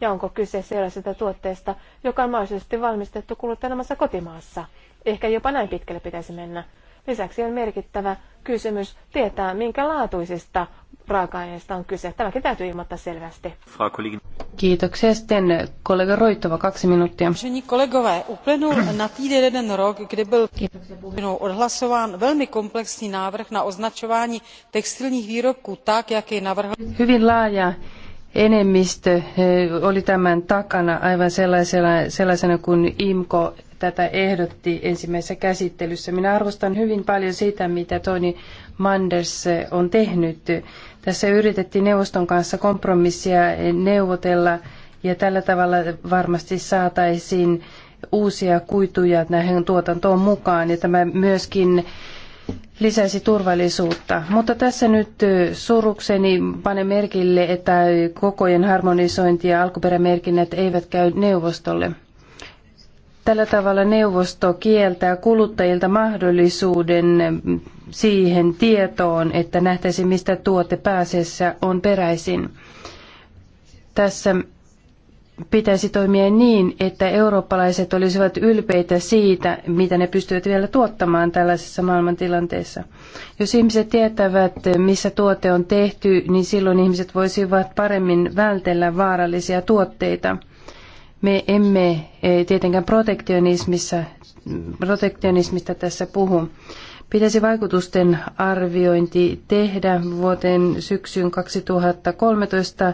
ja onko kyse sellaisesta tuotteesta, joka on mahdollisesti valmistettu kuluttelemassa kotimaassa. Ehkä jopa näin pitkälle pitäisi mennä. Lisäksi on merkittävä kysymys tietää, minkä laatuisista raaka-aineista on kyse. Tämäkin täytyy ilmoittaa selvästi. Kiitoksia. Sitten kollega Roittova, kaksi minuuttia. Kiitoksia kolegové, na jeden rok, byl velmi komplexní návrh na označování textilních výrobků tak, jak Hyvin laaja enemmistö oli tämän takana aivan sellaisena, sellaisena kuin IMKO tätä ehdotti ensimmäisessä käsittelyssä. Minä arvostan hyvin paljon sitä, mitä Toni Manders on tehnyt. Tässä yritettiin neuvoston kanssa kompromissia neuvotella ja tällä tavalla varmasti saataisiin uusia kuituja näihin tuotantoon mukaan. Ja tämä myöskin lisäisi turvallisuutta. Mutta tässä nyt surukseni pane merkille, että kokojen harmonisointi ja alkuperämerkinnät eivät käy neuvostolle. Tällä tavalla neuvosto kieltää kuluttajilta mahdollisuuden siihen tietoon, että nähtäisi mistä tuote pääsessä on peräisin. Tässä pitäisi toimia niin, että eurooppalaiset olisivat ylpeitä siitä, mitä ne pystyvät vielä tuottamaan tällaisessa maailmantilanteessa. Jos ihmiset tietävät, missä tuote on tehty, niin silloin ihmiset voisivat paremmin vältellä vaarallisia tuotteita. Me emme eh, tietenkään protektionismissa, protektionismista tässä puhu. Pitäisi vaikutusten arviointi tehdä vuoteen syksyn 2013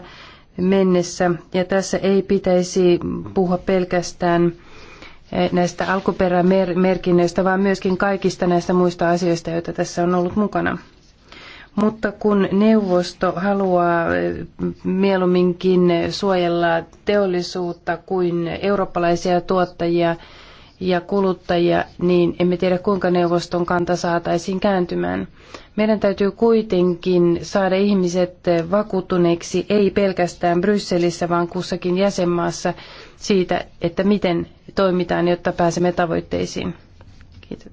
mennessä. Ja tässä ei pitäisi puhua pelkästään eh, näistä alkuperämerkinnöistä, vaan myöskin kaikista näistä muista asioista, joita tässä on ollut mukana. Mutta kun neuvosto haluaa eh, mieluumminkin suojella teollisuutta kuin eurooppalaisia tuottajia, ja kuluttajia, niin emme tiedä kuinka neuvoston kanta saataisiin kääntymään. Meidän täytyy kuitenkin saada ihmiset vakuuttuneiksi, ei pelkästään Brysselissä, vaan kussakin jäsenmaassa siitä, että miten toimitaan, jotta pääsemme tavoitteisiin. Kiitos.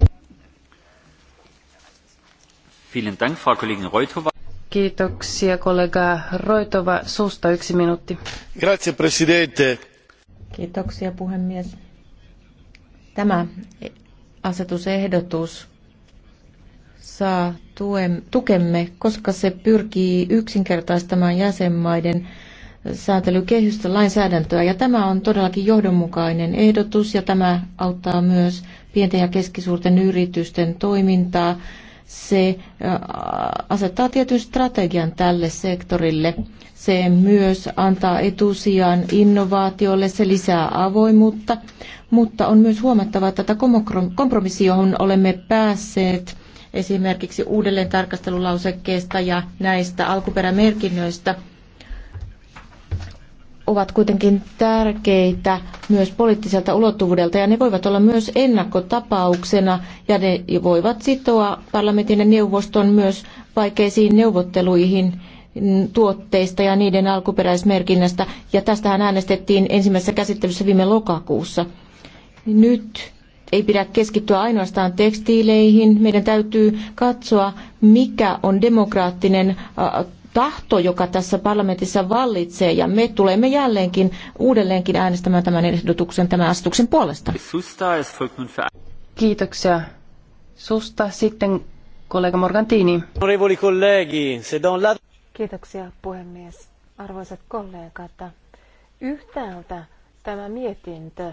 Kiitoksia kollega Roitova. Susta yksi minuutti. Grazie, presidente. Kiitoksia puhemies Tämä asetusehdotus saa tuem, tukemme, koska se pyrkii yksinkertaistamaan jäsenmaiden sääntelykehystä lainsäädäntöä. Ja tämä on todellakin johdonmukainen ehdotus ja tämä auttaa myös pienten ja keskisuurten yritysten toimintaa se asettaa tietyn strategian tälle sektorille. Se myös antaa etusijan innovaatioille, se lisää avoimuutta, mutta on myös huomattava, että tätä kompromissi, johon olemme päässeet esimerkiksi uudelleen tarkastelulausekkeesta ja näistä alkuperämerkinnöistä – ovat kuitenkin tärkeitä myös poliittiselta ulottuvuudelta ja ne voivat olla myös ennakkotapauksena ja ne voivat sitoa parlamentin ja neuvoston myös vaikeisiin neuvotteluihin mm, tuotteista ja niiden alkuperäismerkinnästä ja tästähän äänestettiin ensimmäisessä käsittelyssä viime lokakuussa. Nyt ei pidä keskittyä ainoastaan tekstiileihin. Meidän täytyy katsoa, mikä on demokraattinen tahto, joka tässä parlamentissa vallitsee, ja me tulemme jälleenkin uudelleenkin äänestämään tämän ehdotuksen, tämän asetuksen puolesta. Kiitoksia. Susta sitten kollega Morgantini. Kiitoksia puhemies. Arvoisat kollegat, yhtäältä tämä mietintö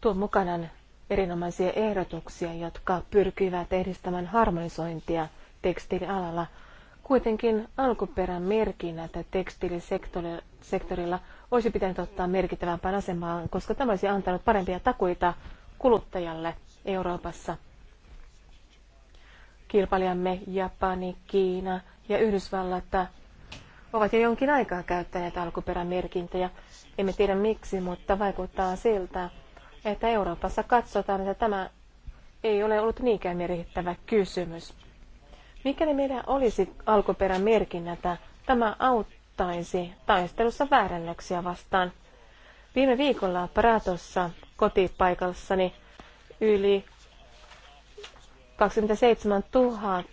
tuo mukanaan erinomaisia ehdotuksia, jotka pyrkivät edistämään harmonisointia tekstiilialalla – Kuitenkin alkuperän merkinnät tekstiilisektorilla olisi pitänyt ottaa merkittävämpään asemaan, koska tämä olisi antanut parempia takuita kuluttajalle Euroopassa. Kilpailijamme Japani, Kiina ja Yhdysvallat ovat jo jonkin aikaa käyttäneet alkuperämerkintöjä. Emme tiedä miksi, mutta vaikuttaa siltä, että Euroopassa katsotaan, että tämä ei ole ollut niinkään merkittävä kysymys. Mikäli meillä olisi alkuperämerkinnätä, tämä auttaisi taistelussa väärännöksiä vastaan. Viime viikolla Pratossa kotipaikassani yli 27 000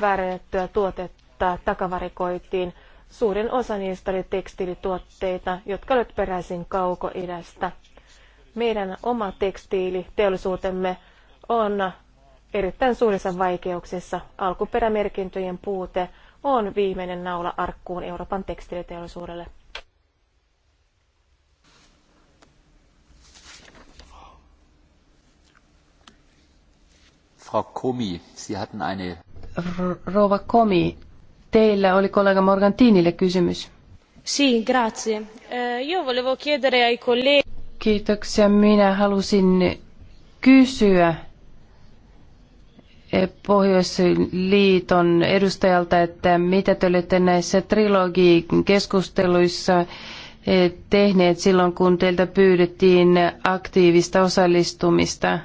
väärennettyä tuotetta takavarikoitiin. Suurin osa niistä oli tekstiilituotteita, jotka olivat peräisin kauko-idästä. Meidän oma tekstiiliteollisuutemme on erittäin suurissa vaikeuksissa. Alkuperämerkintöjen puute on viimeinen naula arkkuun Euroopan tekstiiliteollisuudelle. Frau Komi, Sie hatten eine... Rova Komi, teillä oli kollega Morgantinille kysymys. Sì, grazie. Eh, io volevo chiedere ai colleghi... Kiitoksia. Minä halusin kysyä Pohjoisliiton edustajalta, että mitä te olette näissä trilogikeskusteluissa eh, tehneet silloin, kun teiltä pyydettiin aktiivista osallistumista.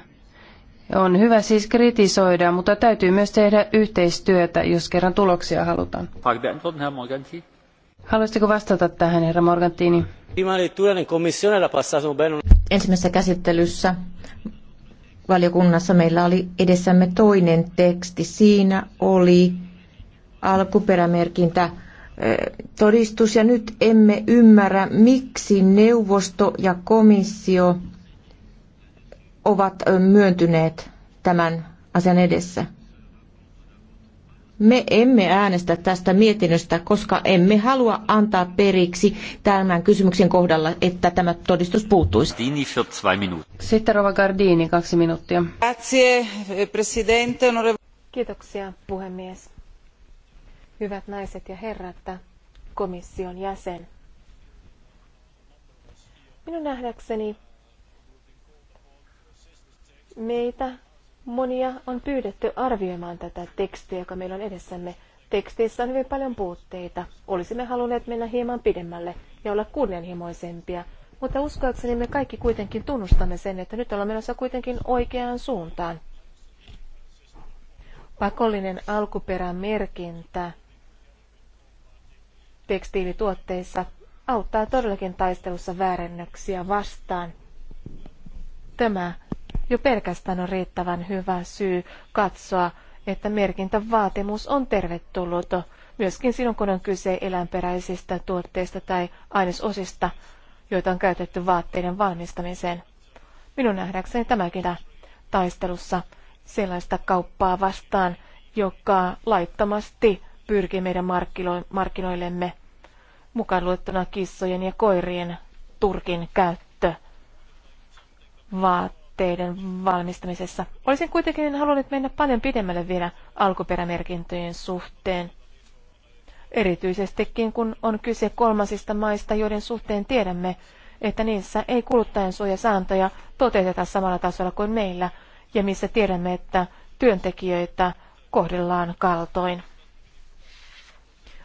On hyvä siis kritisoida, mutta täytyy myös tehdä yhteistyötä, jos kerran tuloksia halutaan. Haluaisitteko vastata tähän, herra Morgantini? Ensimmäisessä käsittelyssä valiokunnassa meillä oli edessämme toinen teksti. Siinä oli alkuperämerkintä todistus ja nyt emme ymmärrä, miksi neuvosto ja komissio ovat myöntyneet tämän asian edessä. Me emme äänestä tästä mietinnöstä, koska emme halua antaa periksi tämän kysymyksen kohdalla, että tämä todistus puuttuisi. Sitten Rova Gardini, kaksi minuuttia. Kiitoksia, puhemies. Hyvät naiset ja herrat, komission jäsen. Minun nähdäkseni meitä Monia on pyydetty arvioimaan tätä tekstiä, joka meillä on edessämme. Tekstissä on hyvin paljon puutteita. Olisimme halunneet mennä hieman pidemmälle ja olla kunnianhimoisempia, mutta uskoakseni me kaikki kuitenkin tunnustamme sen, että nyt ollaan menossa kuitenkin oikeaan suuntaan. Pakollinen alkuperämerkintä tekstiilituotteissa auttaa todellakin taistelussa väärennöksiä vastaan. Tämä jo pelkästään on riittävän hyvä syy katsoa, että merkintävaatimus on tervetullut myöskin silloin, kun on kyse eläinperäisistä tuotteista tai ainesosista, joita on käytetty vaatteiden valmistamiseen. Minun nähdäkseni tämäkin taistelussa sellaista kauppaa vastaan, joka laittomasti pyrkii meidän markkinoillemme mukaan luettuna kissojen ja koirien turkin käyttö. Vaat tuotteiden valmistamisessa. Olisin kuitenkin halunnut mennä paljon pidemmälle vielä alkuperämerkintöjen suhteen. Erityisestikin kun on kyse kolmansista maista, joiden suhteen tiedämme, että niissä ei suojasääntöjä toteuteta samalla tasolla kuin meillä, ja missä tiedämme, että työntekijöitä kohdellaan kaltoin.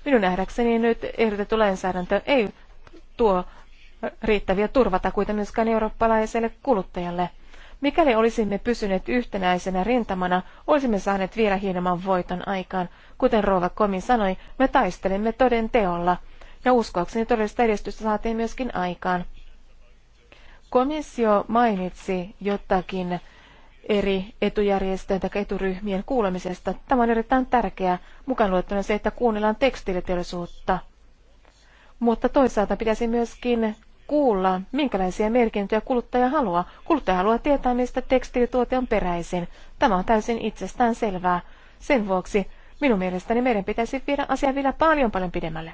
Minun nähdäkseni nyt ehdotettu lainsäädäntö ei tuo riittäviä turvatakuita myöskään eurooppalaiselle kuluttajalle. Mikäli olisimme pysyneet yhtenäisenä rintamana, olisimme saaneet vielä hienomman voiton aikaan. Kuten Rova Komi sanoi, me taistelemme toden teolla, ja uskoakseni todellista edistystä saatiin myöskin aikaan. Komissio mainitsi jotakin eri etujärjestöjen tai eturyhmien kuulemisesta. Tämä on erittäin tärkeää, mukaan luettuna se, että kuunnellaan tekstiiliteollisuutta. Mutta toisaalta pitäisi myöskin kuulla, minkälaisia merkintöjä kuluttaja haluaa. Kuluttaja haluaa tietää, mistä tekstiilituote on peräisin. Tämä on täysin itsestään selvää. Sen vuoksi minun mielestäni meidän pitäisi viedä asia vielä paljon paljon pidemmälle.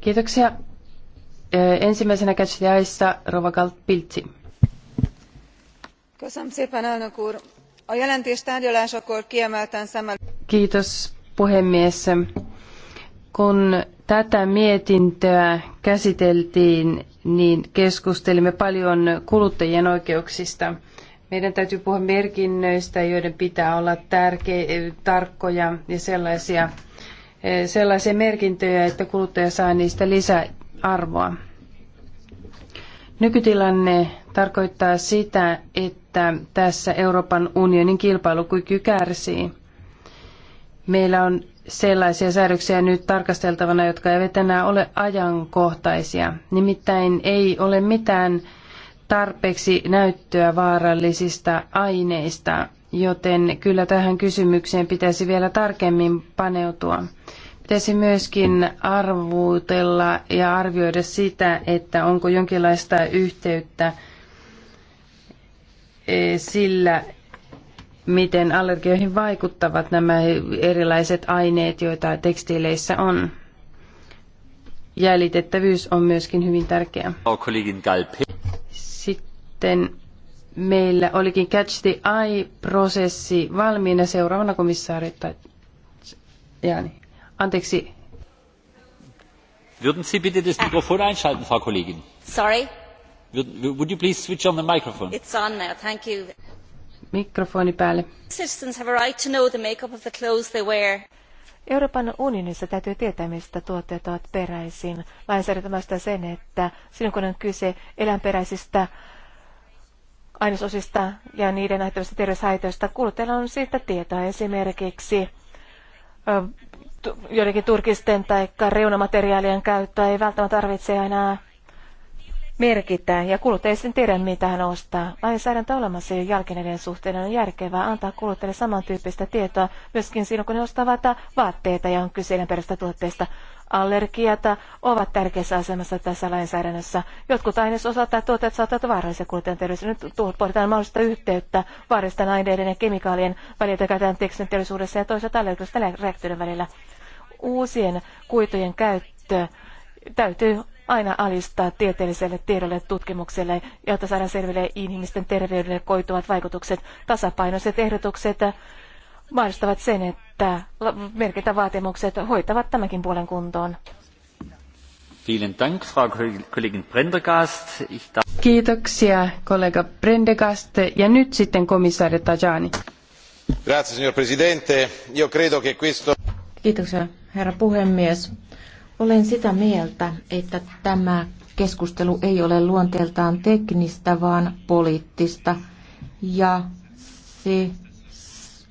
Kiitoksia. Ensimmäisenä Catch aissa Eyeissa Rova Piltsi. Kiitos puhemies. Kun tätä mietintöä käsiteltiin, niin keskustelimme paljon kuluttajien oikeuksista. Meidän täytyy puhua merkinnöistä, joiden pitää olla tärke- tarkkoja ja sellaisia, eh, sellaisia merkintöjä, että kuluttaja saa niistä lisäarvoa. Nykytilanne tarkoittaa sitä, että tässä Euroopan unionin kilpailukyky kärsii. Meillä on sellaisia säädöksiä nyt tarkasteltavana, jotka eivät enää ole ajankohtaisia. Nimittäin ei ole mitään tarpeeksi näyttöä vaarallisista aineista, joten kyllä tähän kysymykseen pitäisi vielä tarkemmin paneutua. Pitäisi myöskin arvuutella ja arvioida sitä, että onko jonkinlaista yhteyttä eh, sillä, miten allergioihin vaikuttavat nämä erilaiset aineet, joita tekstiileissä on. Jäljitettävyys on myöskin hyvin tärkeä. Sitten meillä olikin Catch the Eye-prosessi valmiina seuraavana komissaari. Tai, jaani, anteeksi. Würden Sie bitte das Mikrofon einschalten, Frau Kollegin? Sorry? Would you please switch on the microphone? It's on now, thank you mikrofoni päälle. Euroopan unionissa täytyy tietää, mistä tuotteet ovat peräisin. Lainsäädäntömästä sen, että silloin kun on kyse eläinperäisistä ainesosista ja niiden aiheuttamista terveyshaitoista, kuluttajalla on siitä tietoa esimerkiksi joidenkin turkisten tai reunamateriaalien käyttöä ei välttämättä tarvitse aina merkitään. ja kuluttaja ei tiedä, mitä hän ostaa. Lainsäädäntö olemassa jo jalkineiden suhteen on järkevää antaa kuluttajille samantyyppistä tietoa myöskin silloin, kun ne ostavat vaatteita ja on kyseinen perästä tuotteista. Allergiat ovat tärkeässä asemassa tässä lainsäädännössä. Jotkut ainesosat tai tuotteet saattavat vaarallisia kuluttajan terveydessä. Nyt pohditaan mahdollista yhteyttä vaarallisten aineiden ja kemikaalien välillä käytetään tekstin ja toisaalta allergisten reaktioiden välillä. Uusien kuitujen käyttö täytyy aina alistaa tieteelliselle tiedolle, tutkimukselle, jotta saadaan selville ihmisten terveydelle koituvat vaikutukset. Tasapainoiset ehdotukset mahdollistavat sen, että merkitä vaatimukset hoitavat tämänkin puolen kuntoon. Kiitoksia kollega Prendergast ja nyt sitten komissaari Tajani. Grazie signor Presidente. Io credo che questo... Kiitoksia herra puhemies olen sitä mieltä, että tämä keskustelu ei ole luonteeltaan teknistä, vaan poliittista ja se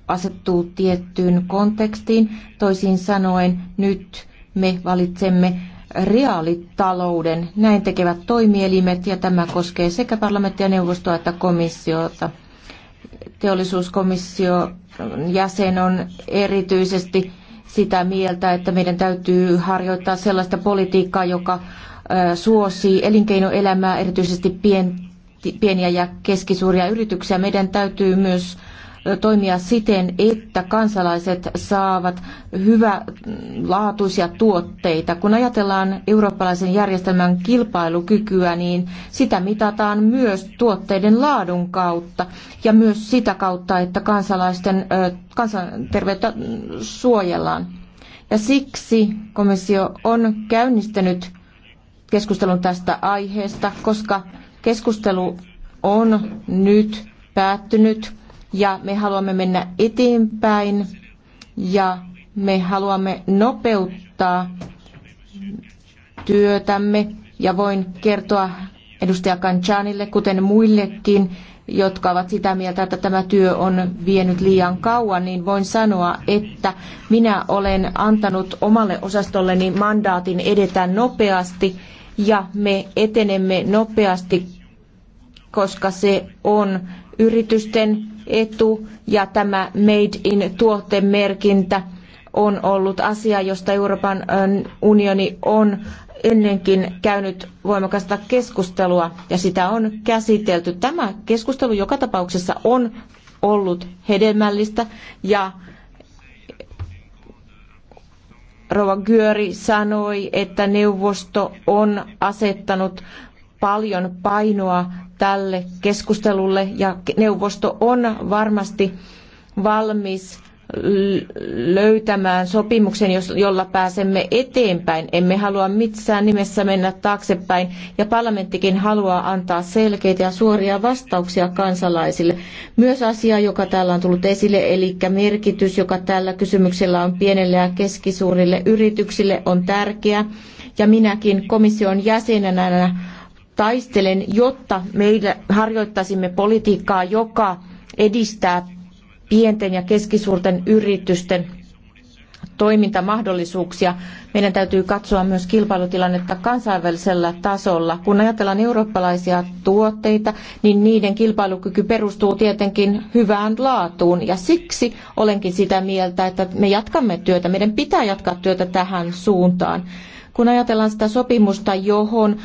asettuu tiettyyn kontekstiin. Toisin sanoen nyt me valitsemme reaalitalouden. Näin tekevät toimielimet ja tämä koskee sekä parlamenttia, neuvostoa että komissiota. Teollisuuskomission jäsen on erityisesti sitä mieltä, että meidän täytyy harjoittaa sellaista politiikkaa, joka suosii elinkeinoelämää, erityisesti pieniä ja keskisuuria yrityksiä. Meidän täytyy myös toimia siten, että kansalaiset saavat hyvälaatuisia tuotteita. Kun ajatellaan eurooppalaisen järjestelmän kilpailukykyä, niin sitä mitataan myös tuotteiden laadun kautta ja myös sitä kautta, että kansalaisten kansanterveyttä suojellaan. Ja siksi komissio on käynnistänyt keskustelun tästä aiheesta, koska keskustelu on nyt päättynyt ja me haluamme mennä eteenpäin ja me haluamme nopeuttaa työtämme ja voin kertoa edustaja Kanchanille, kuten muillekin, jotka ovat sitä mieltä, että tämä työ on vienyt liian kauan, niin voin sanoa, että minä olen antanut omalle osastolleni mandaatin edetä nopeasti ja me etenemme nopeasti, koska se on yritysten etu ja tämä Made in tuotemerkintä on ollut asia, josta Euroopan unioni on ennenkin käynyt voimakasta keskustelua ja sitä on käsitelty. Tämä keskustelu joka tapauksessa on ollut hedelmällistä ja Rova Györi sanoi, että neuvosto on asettanut paljon painoa tälle keskustelulle ja neuvosto on varmasti valmis löytämään sopimuksen, jolla pääsemme eteenpäin. Emme halua missään nimessä mennä taaksepäin ja parlamenttikin haluaa antaa selkeitä ja suoria vastauksia kansalaisille. Myös asia, joka täällä on tullut esille, eli merkitys, joka tällä kysymyksellä on pienelle ja keskisuurille yrityksille, on tärkeä. Ja minäkin komission jäsenenä taistelen, jotta meillä harjoittaisimme politiikkaa, joka edistää pienten ja keskisuurten yritysten toimintamahdollisuuksia. Meidän täytyy katsoa myös kilpailutilannetta kansainvälisellä tasolla. Kun ajatellaan eurooppalaisia tuotteita, niin niiden kilpailukyky perustuu tietenkin hyvään laatuun. Ja siksi olenkin sitä mieltä, että me jatkamme työtä. Meidän pitää jatkaa työtä tähän suuntaan. Kun ajatellaan sitä sopimusta, johon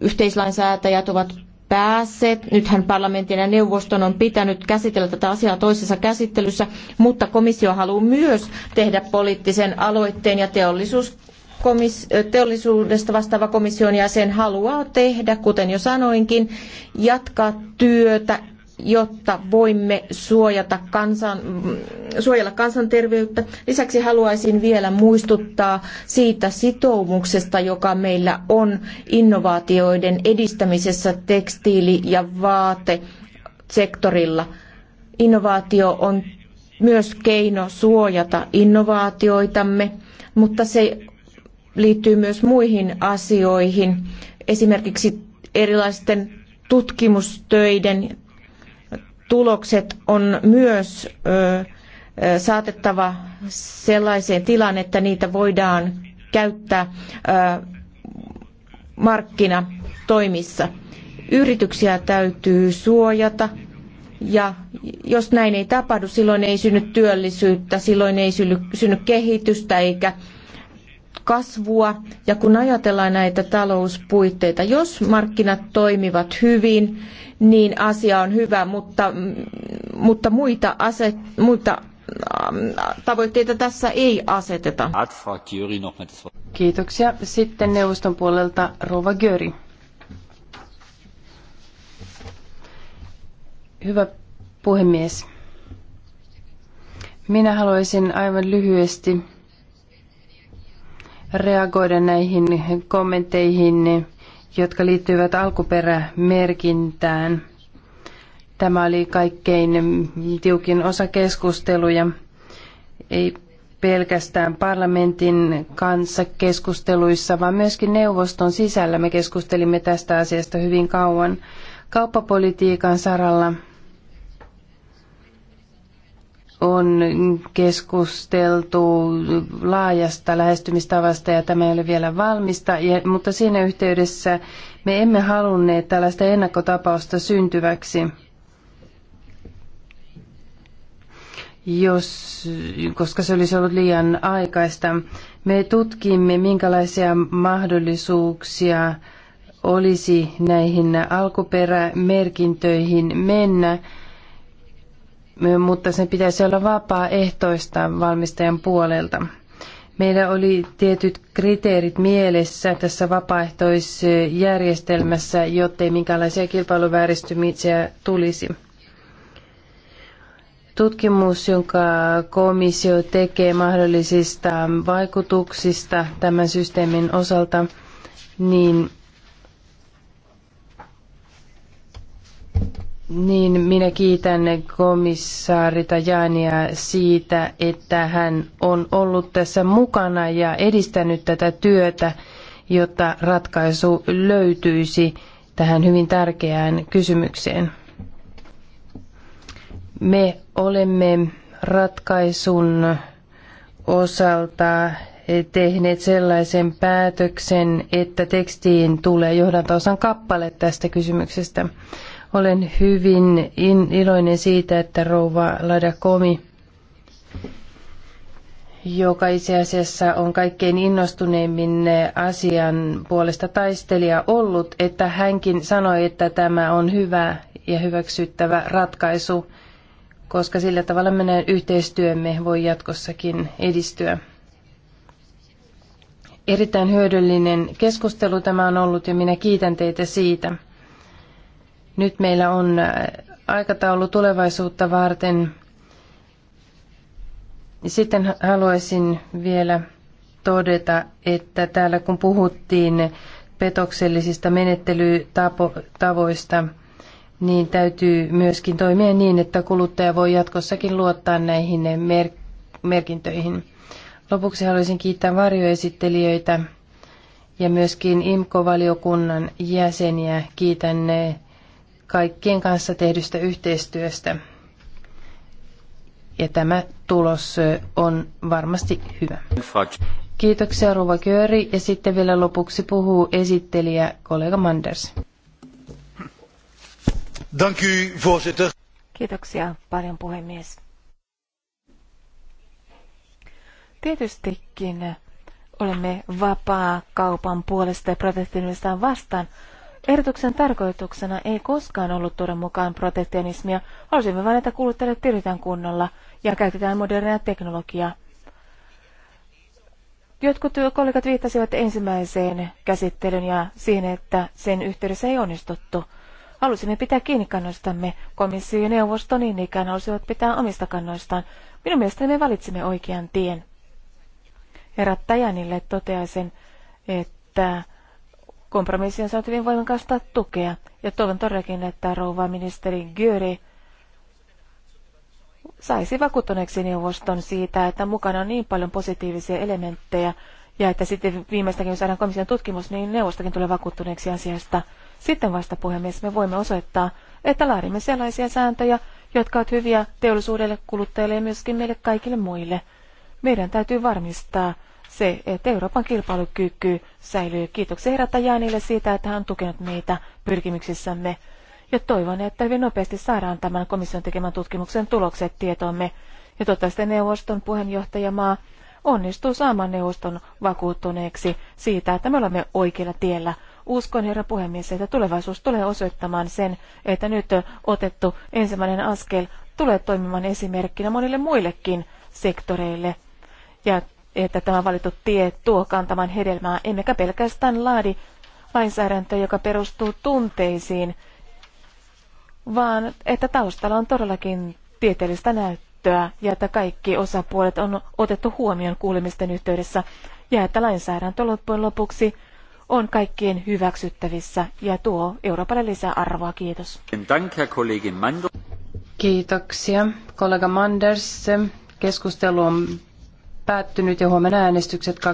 yhteislainsäätäjät ovat päässeet. Nythän parlamentin ja neuvoston on pitänyt käsitellä tätä asiaa toisessa käsittelyssä, mutta komissio haluaa myös tehdä poliittisen aloitteen ja teollisuus teollisuudesta vastaava komission jäsen haluaa tehdä, kuten jo sanoinkin, jatkaa työtä jotta voimme suojata kansan, suojella kansanterveyttä. Lisäksi haluaisin vielä muistuttaa siitä sitoumuksesta, joka meillä on innovaatioiden edistämisessä tekstiili- ja vaatesektorilla. Innovaatio on myös keino suojata innovaatioitamme, mutta se liittyy myös muihin asioihin, esimerkiksi erilaisten tutkimustöiden tulokset on myös saatettava sellaiseen tilaan, että niitä voidaan käyttää markkinatoimissa. Yrityksiä täytyy suojata ja jos näin ei tapahdu, silloin ei synny työllisyyttä, silloin ei synny kehitystä eikä kasvua. Ja kun ajatellaan näitä talouspuitteita, jos markkinat toimivat hyvin, niin asia on hyvä, mutta, mm, mutta muita, aset, muita mm, tavoitteita tässä ei aseteta. Kiitoksia. Sitten neuvoston puolelta Rova Göri. Hyvä puhemies. Minä haluaisin aivan lyhyesti reagoida näihin kommentteihin, jotka liittyvät alkuperämerkintään. Tämä oli kaikkein tiukin osa keskusteluja. Ei pelkästään parlamentin kanssa keskusteluissa, vaan myöskin neuvoston sisällä me keskustelimme tästä asiasta hyvin kauan kauppapolitiikan saralla – on keskusteltu laajasta lähestymistavasta ja tämä ei ole vielä valmista, ja, mutta siinä yhteydessä me emme halunneet tällaista ennakkotapausta syntyväksi. Jos, koska se olisi ollut liian aikaista. Me tutkimme, minkälaisia mahdollisuuksia olisi näihin alkuperämerkintöihin mennä mutta sen pitäisi olla vapaaehtoista valmistajan puolelta. Meillä oli tietyt kriteerit mielessä tässä vapaaehtoisjärjestelmässä, jottei minkäänlaisia kilpailuvääristymisiä tulisi. Tutkimus, jonka komissio tekee mahdollisista vaikutuksista tämän systeemin osalta, niin niin, minä kiitän komissaari Tajania siitä, että hän on ollut tässä mukana ja edistänyt tätä työtä, jotta ratkaisu löytyisi tähän hyvin tärkeään kysymykseen. Me olemme ratkaisun osalta tehneet sellaisen päätöksen, että tekstiin tulee johdantaosan kappale tästä kysymyksestä. Olen hyvin in iloinen siitä, että rouva Ladakomi, joka itse asiassa on kaikkein innostuneimmin asian puolesta taistelija ollut, että hänkin sanoi, että tämä on hyvä ja hyväksyttävä ratkaisu, koska sillä tavalla meidän yhteistyömme voi jatkossakin edistyä. Erittäin hyödyllinen keskustelu tämä on ollut ja minä kiitän teitä siitä. Nyt meillä on äh, aikataulu tulevaisuutta varten. Sitten haluaisin vielä todeta, että täällä kun puhuttiin petoksellisista menettelytavoista, niin täytyy myöskin toimia niin, että kuluttaja voi jatkossakin luottaa näihin merkintöihin. Lopuksi haluaisin kiittää varjoesittelijöitä ja myöskin IMKO-valiokunnan jäseniä. Kiitän ne äh, kaikkien kanssa tehdystä yhteistyöstä. Ja tämä tulos on varmasti hyvä. Kiitoksia Ruva Kööri ja sitten vielä lopuksi puhuu esittelijä kollega Manders. Kiitoksia paljon puhemies. Tietystikin olemme vapaa kaupan puolesta ja protektionistaan vastaan, Ehdotuksen tarkoituksena ei koskaan ollut tuoda mukaan protektionismia. Halusimme vain, että kuluttajat tiritään kunnolla ja käytetään modernia teknologiaa. Jotkut kollegat viittasivat ensimmäiseen käsittelyyn ja siihen, että sen yhteydessä ei onnistuttu. Halusimme pitää kiinni kannoistamme. Komissio ja neuvosto niin ikään halusivat pitää omista kannoistaan. Minun mielestäni me valitsimme oikean tien. Herra Tajanille toteaisin, että Kompromissin saat hyvin voimakasta tukea. Ja toivon todellakin, että rouva ministeri Györi saisi vakuuttuneeksi neuvoston siitä, että mukana on niin paljon positiivisia elementtejä, ja että sitten viimeistäkin, jos saadaan komission tutkimus, niin neuvostokin tulee vakuuttuneeksi asiasta. Sitten vasta puhemies me voimme osoittaa, että laadimme sellaisia sääntöjä, jotka ovat hyviä teollisuudelle, kuluttajille ja myöskin meille kaikille muille. Meidän täytyy varmistaa, se, että Euroopan kilpailukyky säilyy. Kiitoksia herra Jaanille siitä, että hän on tukenut meitä pyrkimyksissämme. Ja toivon, että hyvin nopeasti saadaan tämän komission tekemän tutkimuksen tulokset tietoomme. Ja toivottavasti neuvoston puheenjohtajamaa onnistuu saamaan neuvoston vakuuttuneeksi siitä, että me olemme oikealla tiellä. Uskon, herra puhemies, että tulevaisuus tulee osoittamaan sen, että nyt otettu ensimmäinen askel tulee toimimaan esimerkkinä monille muillekin sektoreille. Ja että tämä valittu tie tuo kantamaan hedelmää, emmekä pelkästään laadi lainsäädäntöä, joka perustuu tunteisiin, vaan että taustalla on todellakin tieteellistä näyttöä ja että kaikki osapuolet on otettu huomioon kuulemisten yhteydessä ja että lainsäädäntö loppujen lopuksi on kaikkien hyväksyttävissä ja tuo Euroopalle lisää arvoa. Kiitos. Kiitoksia. Kollega Manders, keskustelu on päättynyt ja huomenna äänestykset 12.30.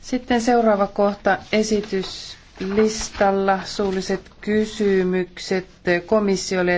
Sitten seuraava kohta esityslistalla suulliset kysymykset komissiolle